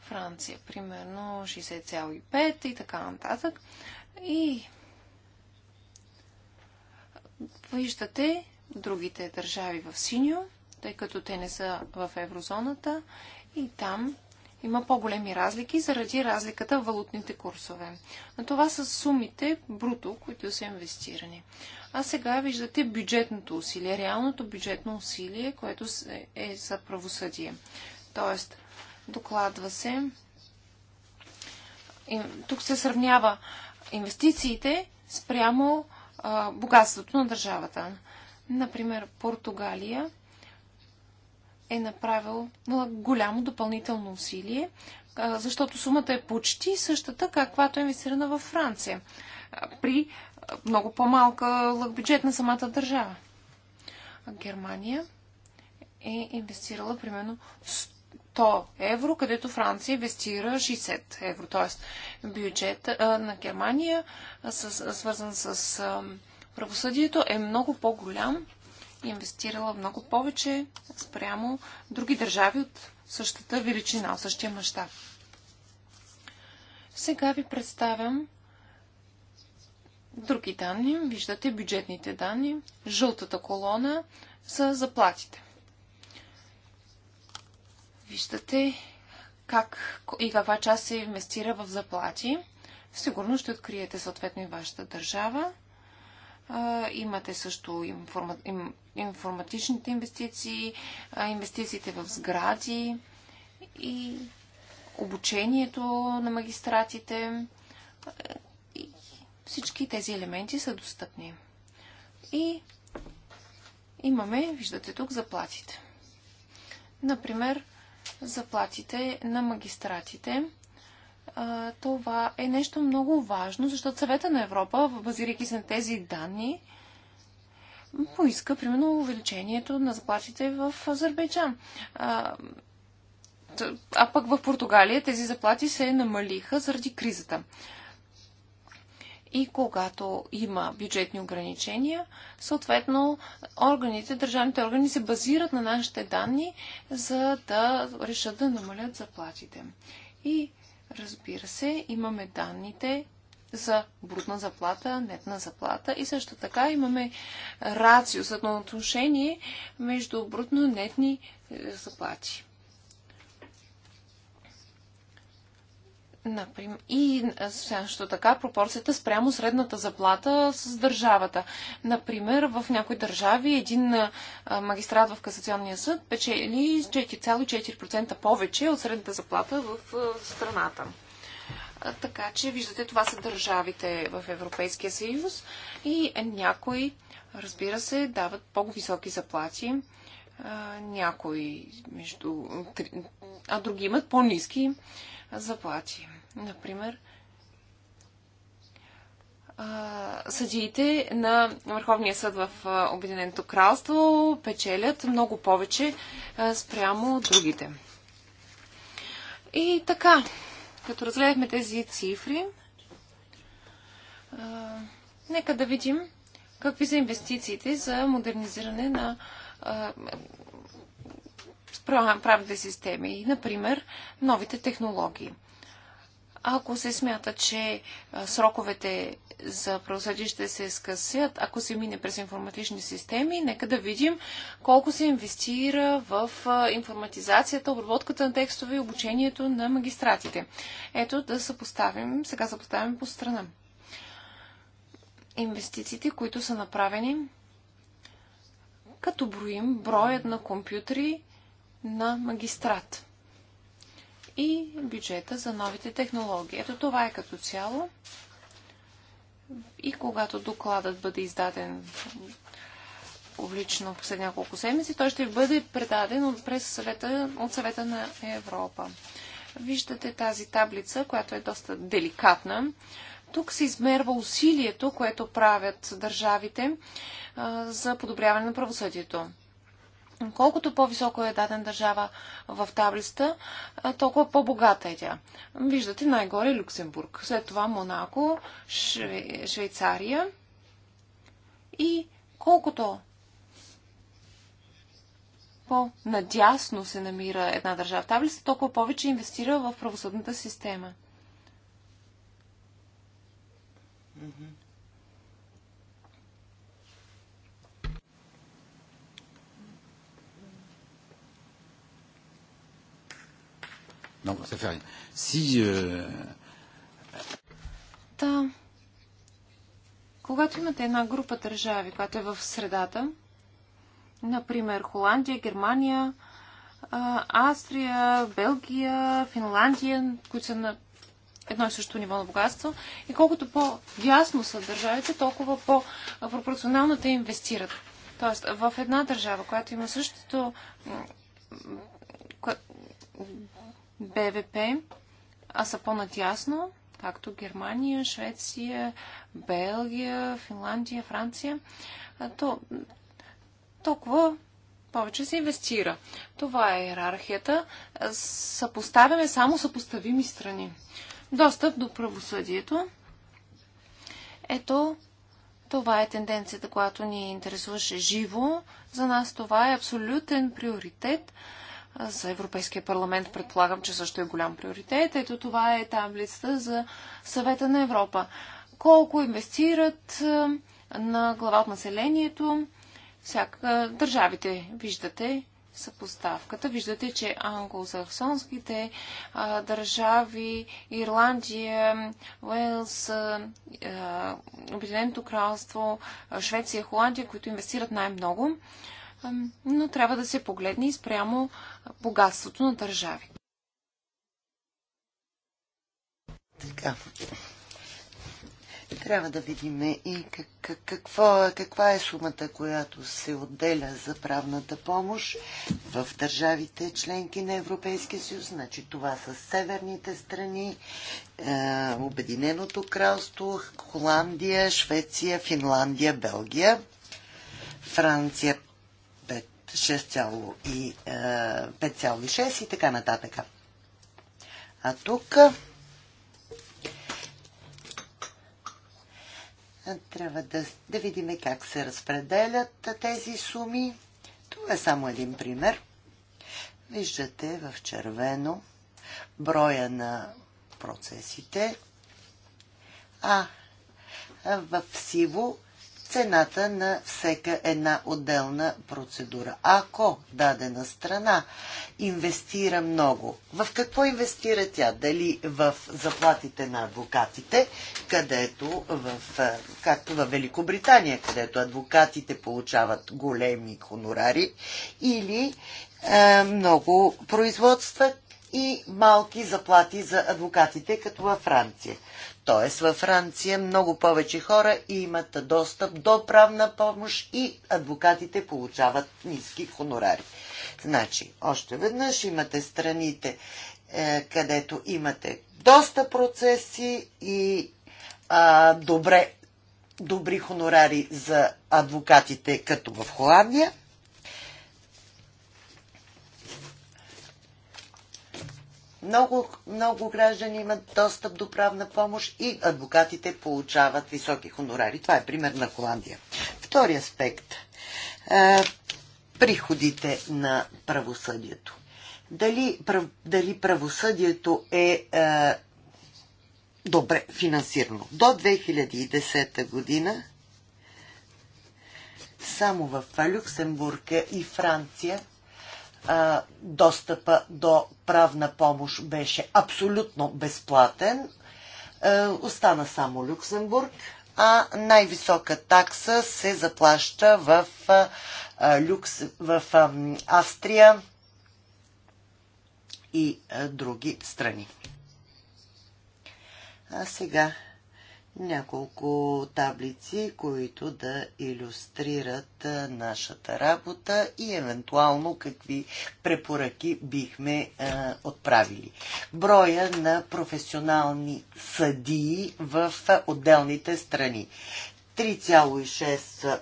Франция, примерно 60,5 и така нататък. И виждате, другите държави в синьо, тъй като те не са в еврозоната и там има по-големи разлики заради разликата в валутните курсове. Но това са сумите бруто, които са инвестирани. А сега виждате бюджетното усилие, реалното бюджетно усилие, което е за правосъдие. Тоест, докладва се. Тук се сравнява инвестициите спрямо а, богатството на държавата. Например, Португалия е направил голямо допълнително усилие, защото сумата е почти същата, каквато е инвестирана във Франция, при много по-малка бюджет на самата държава. Германия е инвестирала примерно 100 евро, където Франция инвестира 60 евро. Т.е. бюджет на Германия, свързан с правосъдието е много по-голям и инвестирала много повече спрямо други държави от същата величина, от същия мащаб. Сега ви представям други данни. Виждате бюджетните данни. Жълтата колона са заплатите. Виждате как и каква част се инвестира в заплати. Сигурно ще откриете съответно и вашата държава. Имате също информа... информатичните инвестиции, инвестициите в сгради и обучението на магистратите. И всички тези елементи са достъпни. И имаме, виждате тук, заплатите. Например, заплатите на магистратите – това е нещо много важно, защото съвета на Европа, базирайки се на тези данни, поиска, примерно, увеличението на заплатите в Азербайджан. А, а пък в Португалия тези заплати се намалиха заради кризата. И когато има бюджетни ограничения, съответно органите, държавните органи се базират на нашите данни, за да решат да намалят заплатите. И Разбира се, имаме данните за брутна заплата, нетна заплата и също така имаме рацио, отношение между брутно и нетни е, заплати. Например, и също така пропорцията спрямо средната заплата с държавата. Например, в някои държави един магистрат в касационния съд печели 4,4% повече от средната заплата в страната. Така че, виждате, това са държавите в Европейския съюз и е, някои, разбира се, дават по-високи заплати, някои между... а други имат по-низки заплати. Например, съдиите на Върховния съд в Обединеното кралство печелят много повече спрямо от другите. И така, като разгледахме тези цифри, нека да видим какви са инвестициите за модернизиране на правните системи, например, новите технологии. Ако се смята, че сроковете за правосъдие ще се скъсят, ако се мине през информатични системи, нека да видим колко се инвестира в информатизацията, обработката на текстове и обучението на магистратите. Ето да съпоставим, сега съпоставим по страна. Инвестициите, които са направени, като броим броят на компютри, на магистрат и бюджета за новите технологии. Ето това е като цяло. И когато докладът бъде издаден публично след няколко седмици, той ще бъде предаден от, през съвета, от съвета на Европа. Виждате тази таблица, която е доста деликатна. Тук се измерва усилието, което правят държавите а, за подобряване на правосъдието. Колкото по-високо е даден държава в таблицата, толкова по-богата е тя. Виждате най-горе е Люксембург, след това Монако, Шве... Швейцария и колкото по-надясно се намира една държава в таблицата, толкова повече инвестира в правосъдната система. Mm-hmm. Non, ça fait rien. Si... Euh, Та, когато имате една група държави, която е в средата, например Холандия, Германия, Австрия, Белгия, Финландия, които са на едно и също ниво на богатство. И колкото по-дясно са държавите, толкова по-пропорционално те инвестират. Тоест, в една държава, която има същото БВП, а са по-натясно, както Германия, Швеция, Белгия, Финландия, Франция, то толкова повече се инвестира. Това е иерархията. Съпоставяме само съпоставими страни. Достъп до правосъдието. Ето, това е тенденцията, която ни интересуваше живо. За нас това е абсолютен приоритет за Европейския парламент предполагам, че също е голям приоритет. Ето това е таблицата за съвета на Европа. Колко инвестират на глава от населението? Всяка, държавите, виждате, съпоставката. Виждате, че англосаксонските държави, Ирландия, Уелс, Обединеното кралство, Швеция, Холандия, които инвестират най-много но трябва да се погледне и спрямо богатството на държави. Така. Трябва да видим и какво, каква е сумата, която се отделя за правната помощ в държавите членки на Европейския съюз. Значи това са северните страни, е, Обединеното кралство, Холандия, Швеция, Финландия, Белгия, Франция, 5,6 е, и така нататък. А тук трябва да, да видим как се разпределят тези суми. Това е само един пример. Виждате в червено броя на процесите, а в сиво цената на всека една отделна процедура. Ако дадена страна инвестира много, в какво инвестира тя? Дали в заплатите на адвокатите, където в, както в Великобритания, където адвокатите получават големи хонорари, или е, много производства и малки заплати за адвокатите, като във Франция. Т.е. във Франция много повече хора имат достъп до правна помощ и адвокатите получават ниски хонорари. Значи, още веднъж имате страните, е, където имате доста процеси и а, добре, добри хонорари за адвокатите, като в Холандия. Много, много граждани имат достъп до правна помощ и адвокатите получават високи хонорари. Това е пример на Холандия. Втори аспект. Е, приходите на правосъдието. Дали, прав, дали правосъдието е, е добре финансирано? До 2010 година само в Люксембург е и Франция а, достъпа до правна помощ беше абсолютно безплатен. А, остана само Люксембург, а най-висока такса се заплаща в, а, Люкс, в а, Австрия и а, други страни. А сега няколко таблици, които да иллюстрират нашата работа и евентуално какви препоръки бихме е, отправили. Броя на професионални съдии в отделните страни. 3,6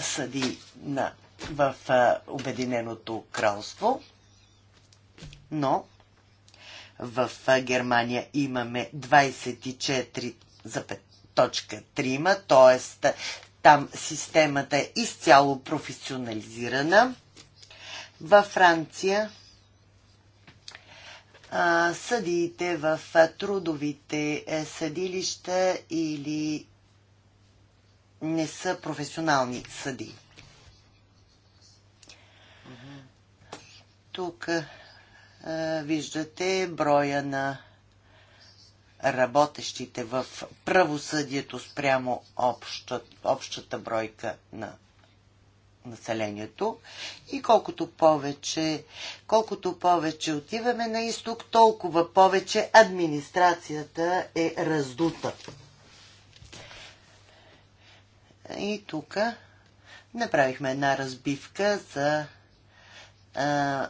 съди на, в Обединеното кралство, но в Германия имаме 24,3, т.е. там системата е изцяло професионализирана. Във Франция съдиите в трудовите е, съдилища или не са професионални съди. Тук виждате броя на работещите в правосъдието спрямо общата, общата бройка на населението. И колкото повече, колкото повече отиваме на изток, толкова повече администрацията е раздута. И тук направихме една разбивка за а,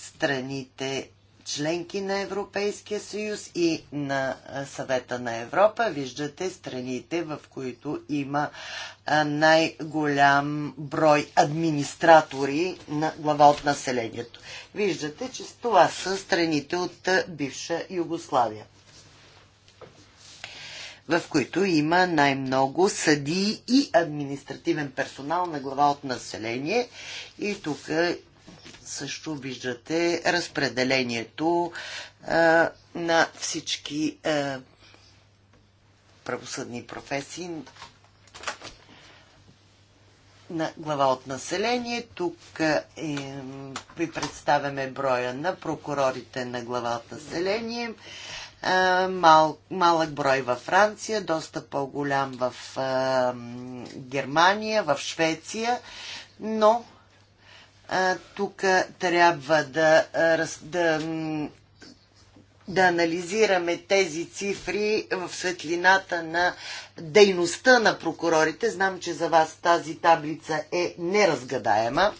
страните членки на Европейския съюз и на съвета на Европа. Виждате страните, в които има най-голям брой администратори на глава от населението. Виждате, че това са страните от бивша Югославия в които има най-много съдии и административен персонал на глава от население. И тук също виждате разпределението а, на всички а, правосъдни професии на глава от население. Тук е, ви представяме броя на прокурорите на глава от население. Е, мал, малък брой във Франция, доста по-голям в е, Германия, в Швеция, но тук трябва да, да, да анализираме тези цифри в светлината на дейността на прокурорите. Знам, че за вас тази таблица е неразгадаема.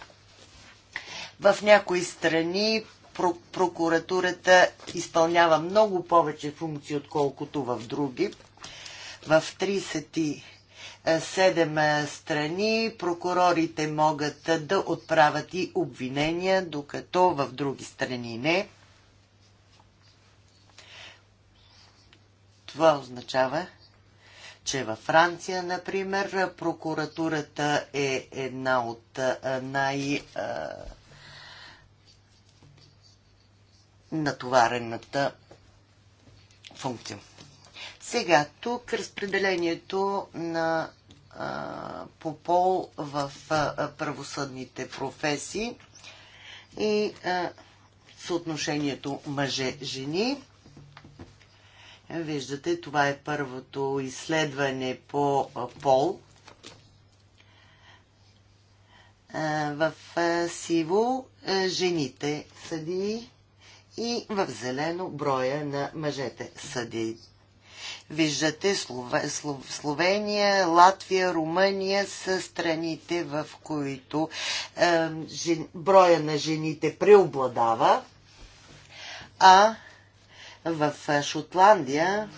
В някои страни прокуратурата изпълнява много повече функции, отколкото в други. В 30 седем страни прокурорите могат да отправят и обвинения, докато в други страни не. Това означава, че във Франция, например, прокуратурата е една от най- натоварената функция. Сега, тук разпределението на а, по пол в а, правосъдните професии и а, съотношението мъже-жени. Виждате, това е първото изследване по пол. В сиво жените съдии и в зелено броя на мъжете съдии. Виждате, Словения, Латвия, Румъния са страните, в които е, броя на жените преобладава, а в е, Шотландия,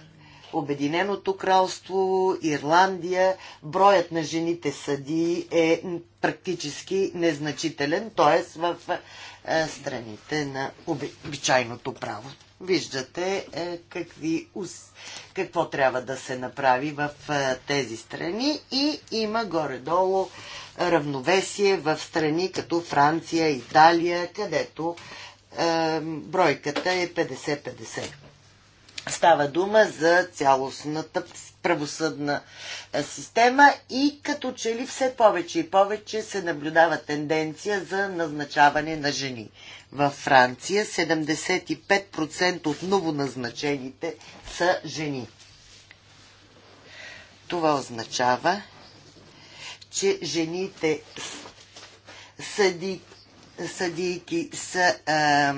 Обединеното кралство, Ирландия, броят на жените съди е практически незначителен, т.е. в е, страните на обичайното право виждате е, какви, ус, какво трябва да се направи в е, тези страни и има горе-долу равновесие в страни като Франция, Италия, където е, бройката е 50-50. Става дума за цялостната правосъдна е, система и като че ли все повече и повече се наблюдава тенденция за назначаване на жени. Във Франция 75% от новоназначените са жени. Това означава, че жените съди, съдийки са а,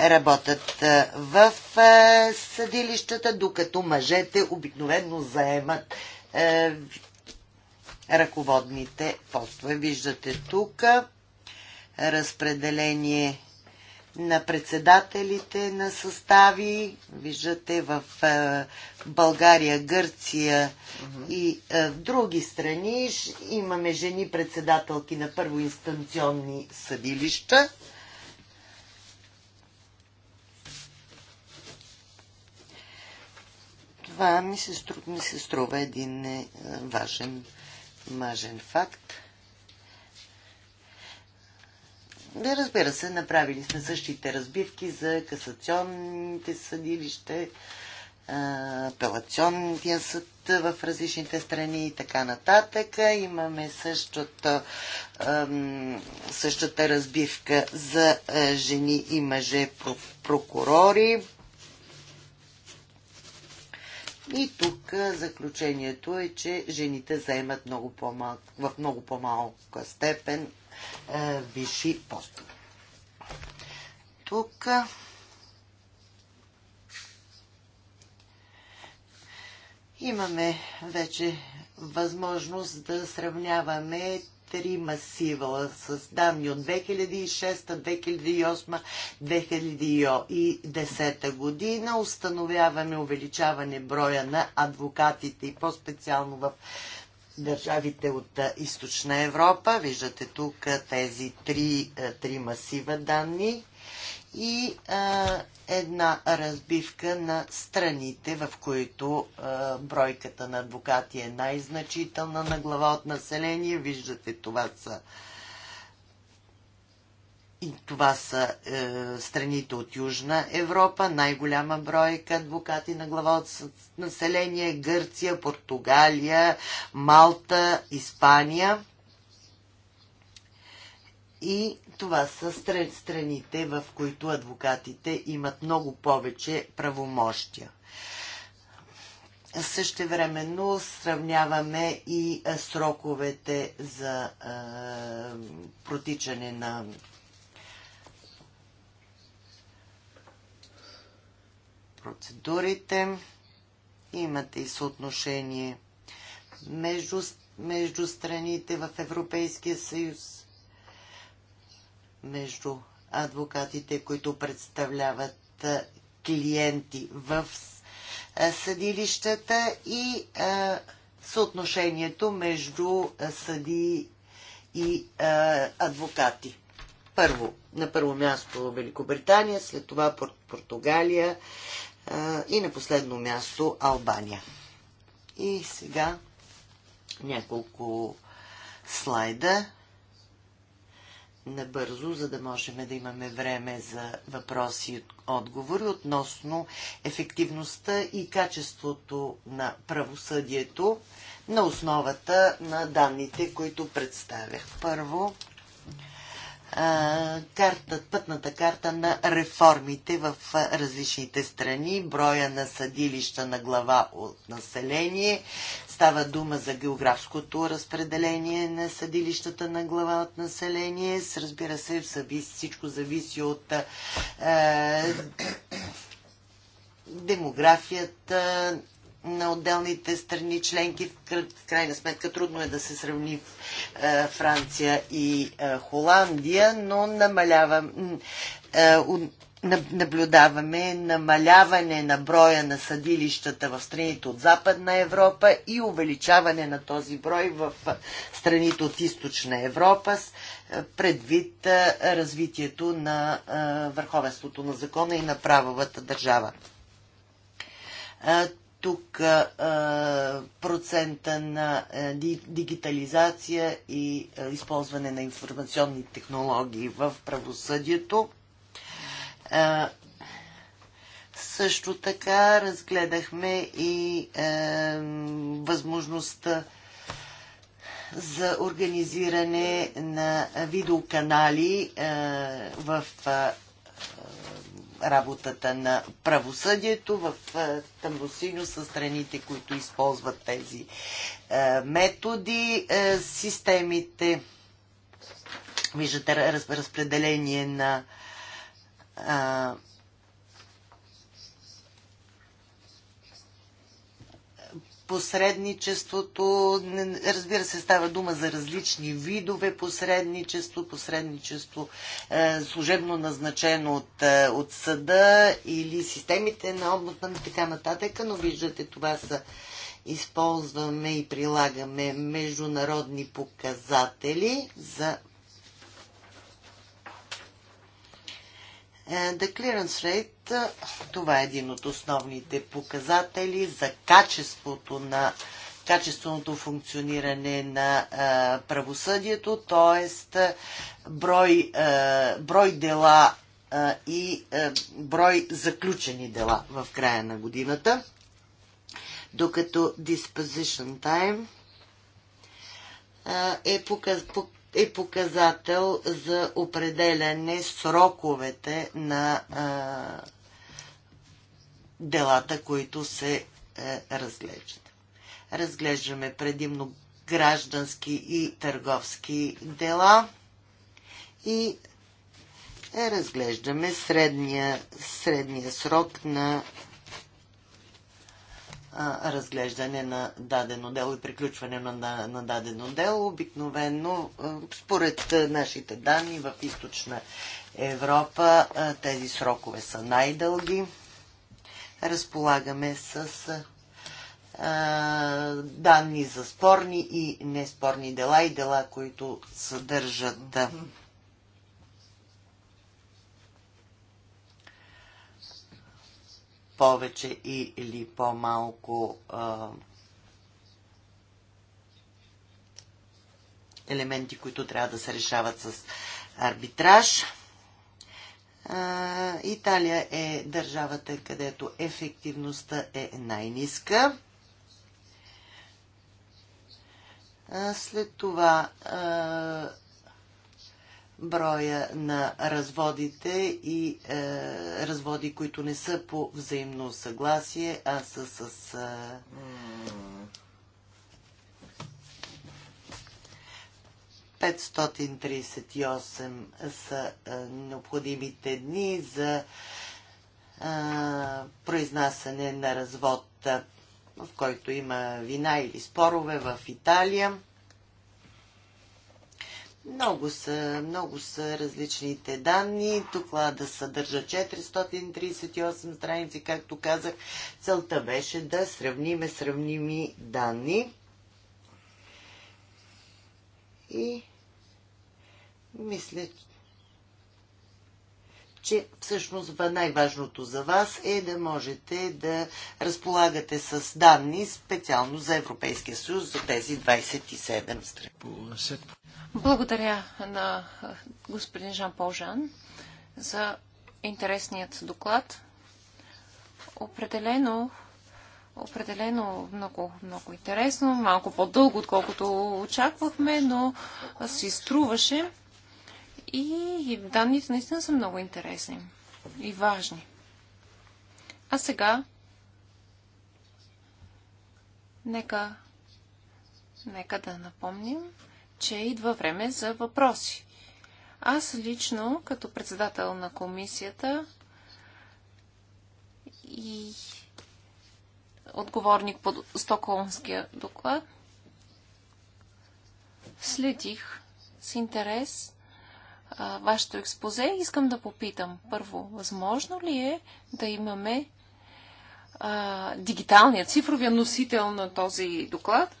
работят в съдилищата, докато мъжете обикновено заемат ръководните постове. Виждате тук разпределение на председателите на състави. Виждате в България, Гърция и в други страни имаме жени председателки на първоинстанционни съдилища. това ми се, стру, ми се струва един е, важен, важен факт. Да, разбира се, направили сме същите разбивки за касационните съдилища, е, апелационния съд в различните страни и така нататък. Имаме същото, същата разбивка за е, жени и мъже прокурори. И тук заключението е, че жените заемат много в много по-малка степен е, висши постове. Тук имаме вече възможност да сравняваме три масива с данни от 2006, 2008, 2010 година. Установяваме увеличаване броя на адвокатите и по-специално в държавите от източна Европа. Виждате тук тези три, три масива данни и а, една разбивка на страните, в които а, бройката на адвокати е най-значителна на глава от население. Виждате, това са и това са е, страните от Южна Европа, най-голяма бройка адвокати на глава от население, е Гърция, Португалия, Малта, Испания. И това са страните, в които адвокатите имат много повече правомощия. Същевременно сравняваме и сроковете за е, протичане на процедурите. Имате и съотношение между, между страните в Европейския съюз между адвокатите, които представляват клиенти в съдилищата и съотношението между съди и адвокати. Първо, на първо място Великобритания, след това Португалия и на последно място Албания. И сега няколко слайда набързо, за да можем да имаме време за въпроси и отговори относно ефективността и качеството на правосъдието на основата на данните, които представях. Първо, карта, пътната карта на реформите в различните страни, броя на съдилища на глава от население. Става дума за географското разпределение на съдилищата на глава от население. Разбира се, всичко зависи от е, демографията, на отделните страни членки. В крайна сметка трудно е да се сравни е, Франция и е, Холандия, но намалявам, е, наблюдаваме намаляване на броя на съдилищата в страните от Западна Европа и увеличаване на този брой в страните от Източна Европа предвид развитието на върховенството на закона и на правовата държава тук а, процента на а, дигитализация и а, използване на информационни технологии в правосъдието. А, също така разгледахме и а, възможността за организиране на видеоканали а, в а, работата на правосъдието в е, Тамбосиньо са страните, които използват тези е, методи. Е, системите, виждате разпределение на посредничеството. Разбира се, става дума за различни видове посредничество, посредничество е, служебно назначено от, е, от съда или системите на областта и така нататък, но виждате, това са използваме и прилагаме международни показатели за Е, The clearance rate, това е един от основните показатели за качеството на качественото функциониране на а, е, правосъдието, т.е. Брой, е, брой дела а, и а, брой заключени дела в края на годината, докато disposition time а, е показ, показ е показател за определяне сроковете на а, делата, които се а, е, разглеждат. Разглеждаме предимно граждански и търговски дела и е, разглеждаме средния, средния срок на разглеждане на дадено дело и приключване на, на, на дадено дело. Обикновено, според нашите данни в източна Европа, тези срокове са най-дълги. Разполагаме с а, данни за спорни и неспорни дела и дела, които съдържат. Да, повече или по-малко елементи, които трябва да се решават с арбитраж. Италия е държавата, където ефективността е най-ниска. След това броя на разводите и е, разводи, които не са по взаимно съгласие, а са с. Е... Mm. 538 са е, необходимите дни за е, произнасяне на развод, в който има вина или спорове в Италия. Много са, много са различните данни. Доклада съдържа 438 страници, както казах. Целта беше да сравниме сравними данни. И мисля, че всъщност най-важното за вас е да можете да разполагате с данни специално за Европейския съюз за тези 27 страни. Благодаря на господин Жан Полжан за интересният доклад. Определено, определено много, много интересно, малко по-дълго, отколкото очаквахме, но си струваше. И данните наистина са много интересни и важни. А сега, нека, нека да напомним че идва време за въпроси. Аз лично, като председател на комисията и отговорник по Стоколмския доклад, следих с интерес вашето експозе и искам да попитам първо, възможно ли е да имаме а, дигиталния, цифровия носител на този доклад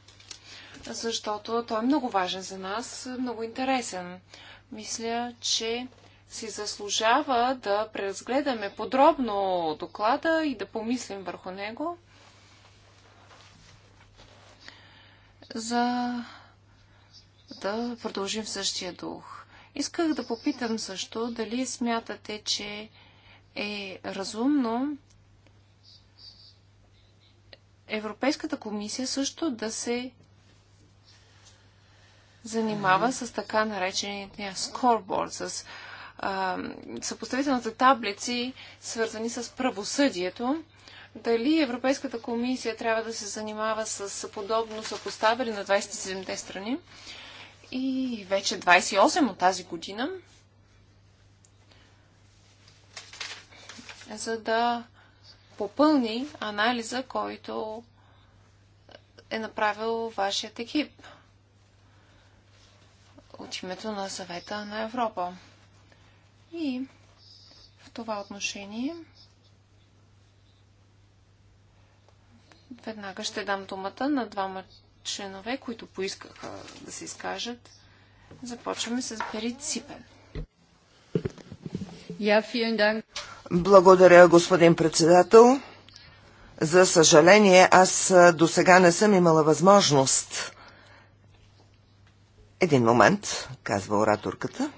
защото той е много важен за нас, много интересен. Мисля, че си заслужава да преразгледаме подробно доклада и да помислим върху него. За да продължим същия дух. Исках да попитам също дали смятате, че е разумно Европейската комисия също да се занимава с така наречения скорборд, с а, съпоставителните таблици, свързани с правосъдието. Дали Европейската комисия трябва да се занимава с подобно съпоставили на 27-те страни и вече 28 от тази година, за да попълни анализа, който е направил вашият екип от името на съвета на Европа. И в това отношение веднага ще дам думата на двама членове, които поискаха да се изкажат. Започваме с Берит Сипен. Благодаря, господин председател. За съжаление, аз до сега не съм имала възможност един момент, казва ораторката.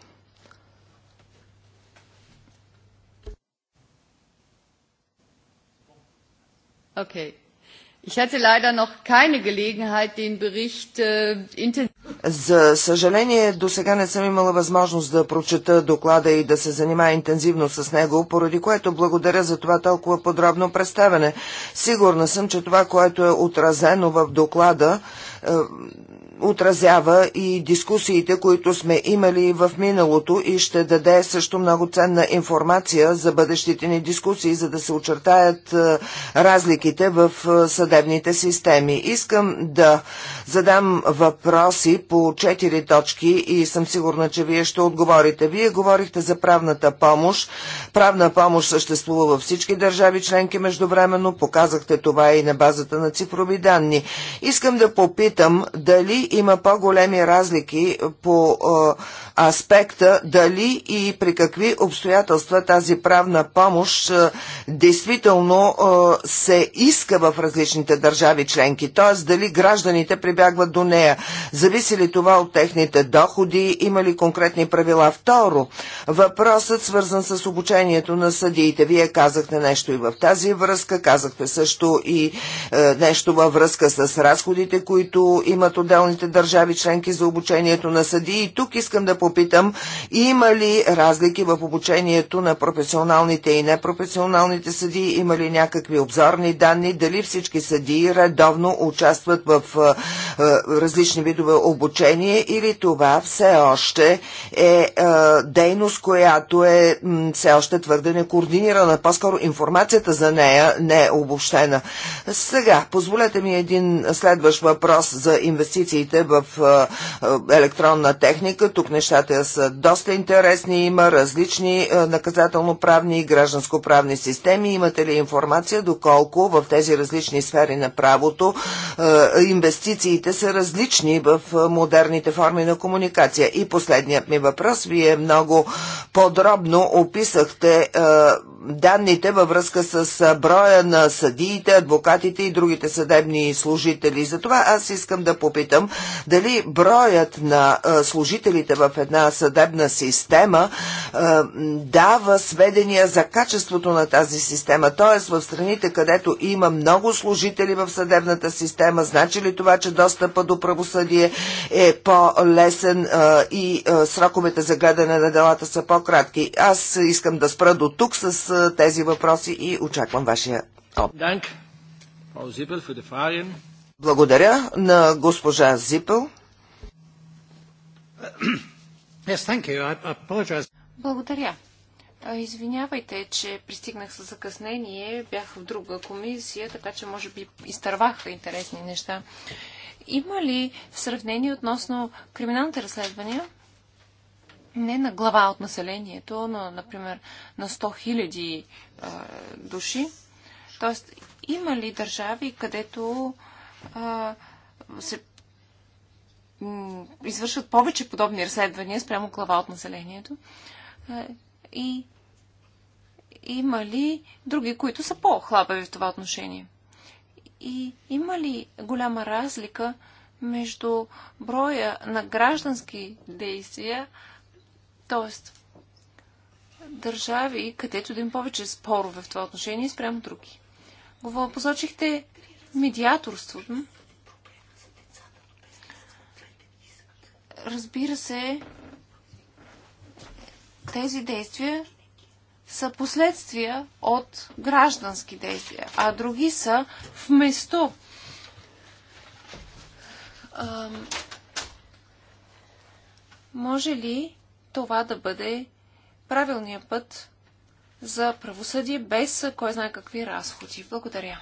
Okay. Ich hatte leider noch keine Gelegenheit, den Bericht äh, intensiv. За съжаление, до сега не съм имала възможност да прочета доклада и да се занимая интензивно с него, поради което благодаря за това толкова подробно представяне. Сигурна съм, че това, което е отразено в доклада, е, отразява и дискусиите, които сме имали в миналото и ще даде също много ценна информация за бъдещите ни дискусии, за да се очертаят е, разликите в е, съдебните системи. Искам да задам въпроси по четири точки и съм сигурна, че вие ще отговорите. Вие говорихте за правната помощ. Правна помощ съществува във всички държави членки междувременно. Показахте това и на базата на цифрови данни. Искам да попитам дали има по-големи разлики по аспекта дали и при какви обстоятелства тази правна помощ е, действително е, се иска в различните държави членки, т.е. дали гражданите прибягват до нея. Зависи ли това от техните доходи, има ли конкретни правила? Второ, въпросът свързан с обучението на съдиите. Вие казахте нещо и в тази връзка, казахте също и е, нещо във връзка с разходите, които имат отделните държави членки за обучението на съдии. И тук искам да попитам попитам, има ли разлики в обучението на професионалните и непрофесионалните съдии? Има ли някакви обзорни данни? Дали всички съдии редовно участват в различни видове обучение или това все още е дейност, която е все още твърде некоординирана? По-скоро информацията за нея не е обобщена. Сега, позволете ми един следващ въпрос за инвестициите в електронна техника. Тук неща нещата са доста интересни. Има различни е, наказателно-правни и гражданско-правни системи. Имате ли информация доколко в тези различни сфери на правото е, инвестициите са различни в е, модерните форми на комуникация? И последният ми въпрос. Вие много подробно описахте данните във връзка с броя на съдиите, адвокатите и другите съдебни служители. Затова аз искам да попитам дали броят на служителите в една съдебна система е, дава сведения за качеството на тази система. Тоест в страните, където има много служители в съдебната система, значи ли това, че достъпа до правосъдие е по-лесен е, и е, сроковете за гледане на делата са по-кратки? Аз искам да спра до тук с тези въпроси и очаквам вашия отговор. Благодаря на госпожа Зипел. Yes, thank you. I apologize. Благодаря. Извинявайте, че пристигнах с закъснение. Бях в друга комисия, така че може би изтърваха интересни неща. Има ли сравнение относно криминалните разследвания? Не на глава от населението, но, например, на 100 хиляди души. Тоест, има ли държави, където се извършват повече подобни разследвания спрямо глава от населението? И има ли други, които са по-хлабави в това отношение? И има ли голяма разлика между броя на граждански действия, т.е. държави, където да има повече спорове в това отношение спрямо други? Посочихте медиаторството разбира се, тези действия са последствия от граждански действия, а други са вместо. А, може ли това да бъде правилният път за правосъдие без кой знае какви разходи? Благодаря.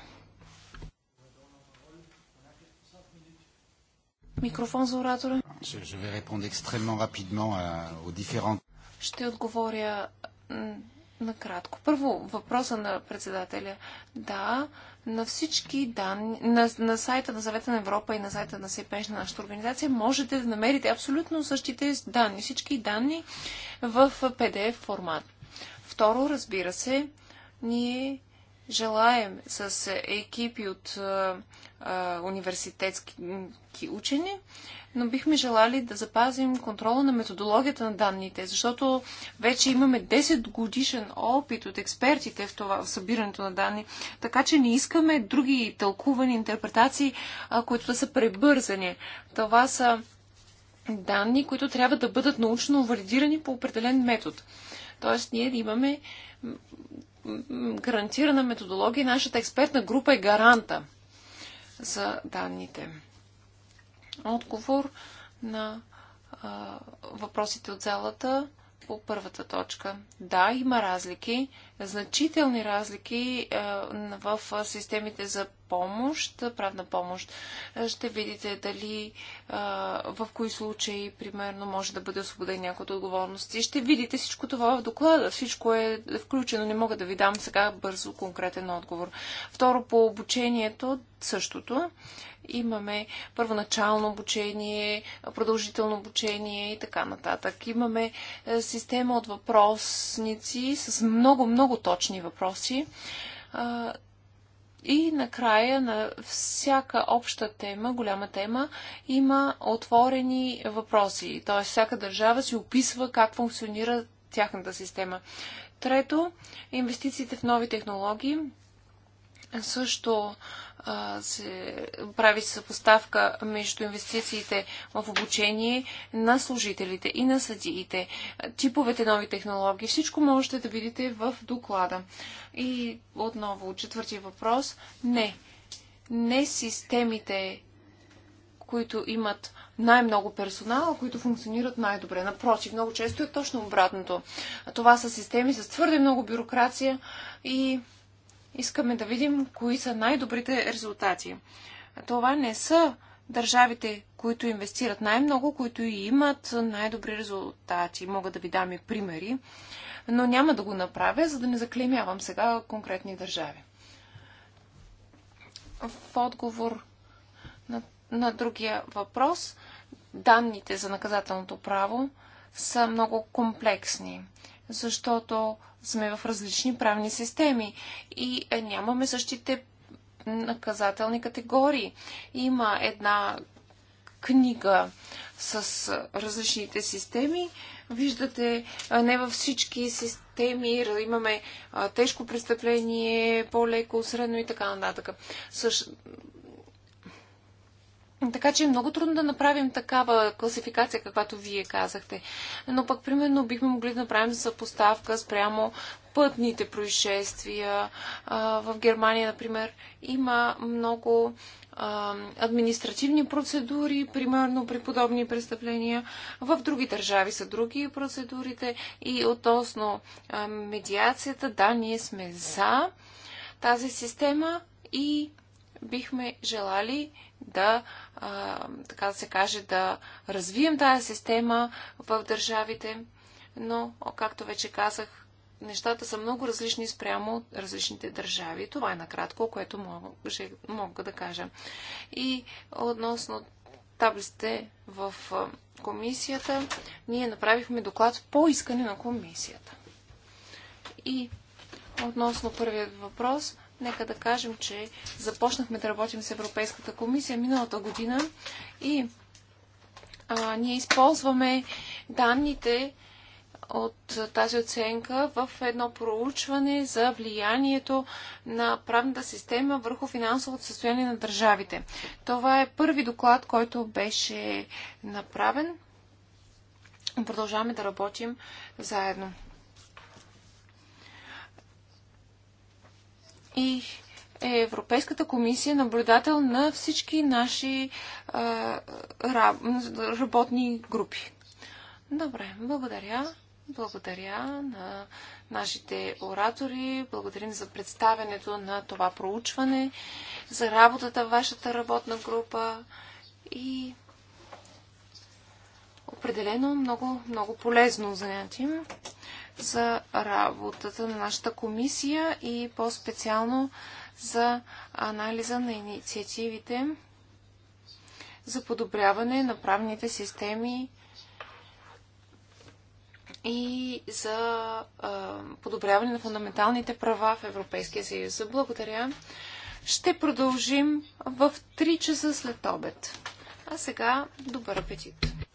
Микрофон за оратора. Euh, Ще отговоря накратко. Първо, въпроса на председателя. Да, на всички данни, на, на сайта на Завета на Европа и на сайта на СЕПЕШ на нашата организация, можете да намерите абсолютно същите данни, всички данни в PDF формат. Второ, разбира се, ние желаем с екипи от а, университетски учени, но бихме желали да запазим контрола на методологията на данните, защото вече имаме 10 годишен опит от експертите в, това, в събирането на данни, така че не искаме други тълкувани интерпретации, а, които да са пребързани. Това са данни, които трябва да бъдат научно валидирани по определен метод. Тоест, ние имаме гарантирана методология и нашата експертна група е гаранта за данните. Отговор на а, въпросите от залата по първата точка. Да, има разлики, значителни разлики е, в е, системите за помощ, правна помощ. Е, ще видите дали в кои случаи, примерно, може да бъде освободен някой от отговорности. Ще видите всичко това в доклада. Всичко е включено. Не мога да ви дам сега бързо конкретен отговор. Второ, по обучението същото. Имаме първоначално обучение, продължително обучение и така нататък. Имаме е, система от въпросници с много-много точни въпроси. И накрая на всяка обща тема, голяма тема, има отворени въпроси. Т.е. всяка държава си описва как функционира тяхната система. Трето, инвестициите в нови технологии също се прави съпоставка между инвестициите в обучение на служителите и на съдиите, типовете нови технологии. Всичко можете да видите в доклада. И отново, четвърти въпрос. Не. Не системите, които имат най-много персонал, които функционират най-добре. Напротив, много често е точно обратното. Това са системи с твърде много бюрокрация и Искаме да видим кои са най-добрите резултати. Това не са държавите, които инвестират най-много, които и имат най-добри резултати. Мога да ви дам и примери, но няма да го направя, за да не заклеймявам сега конкретни държави. В отговор на, на другия въпрос, данните за наказателното право са много комплексни защото сме в различни правни системи и е, нямаме същите наказателни категории. Има една книга с различните системи. Виждате, не във всички системи имаме тежко престъпление, по-леко, средно и така нататък. Така че е много трудно да направим такава класификация, каквато вие казахте. Но пък, примерно, бихме могли да направим съпоставка спрямо пътните происшествия. В Германия, например, има много административни процедури, примерно при подобни престъпления. В други държави са други процедурите. И относно медиацията, да, ние сме за тази система и бихме желали да, а, така да се каже, да развием тази система в държавите, но, както вече казах, нещата са много различни спрямо от различните държави. Това е накратко, което мога, мога да кажа. И относно таблиците в комисията, ние направихме доклад по искане на комисията. И относно първият въпрос, Нека да кажем, че започнахме да работим с Европейската комисия миналата година и а, ние използваме данните от тази оценка в едно проучване за влиянието на правната система върху финансовото състояние на държавите. Това е първи доклад, който беше направен. Продължаваме да работим заедно. и е Европейската комисия наблюдател на всички наши а, работни групи. Добре, благодаря. Благодаря на нашите оратори. Благодарим за представенето на това проучване, за работата в вашата работна група и определено много, много полезно занятие за работата на нашата комисия и по-специално за анализа на инициативите за подобряване на правните системи и за а, подобряване на фундаменталните права в Европейския съюз. Благодаря. Ще продължим в 3 часа след обед. А сега добър апетит!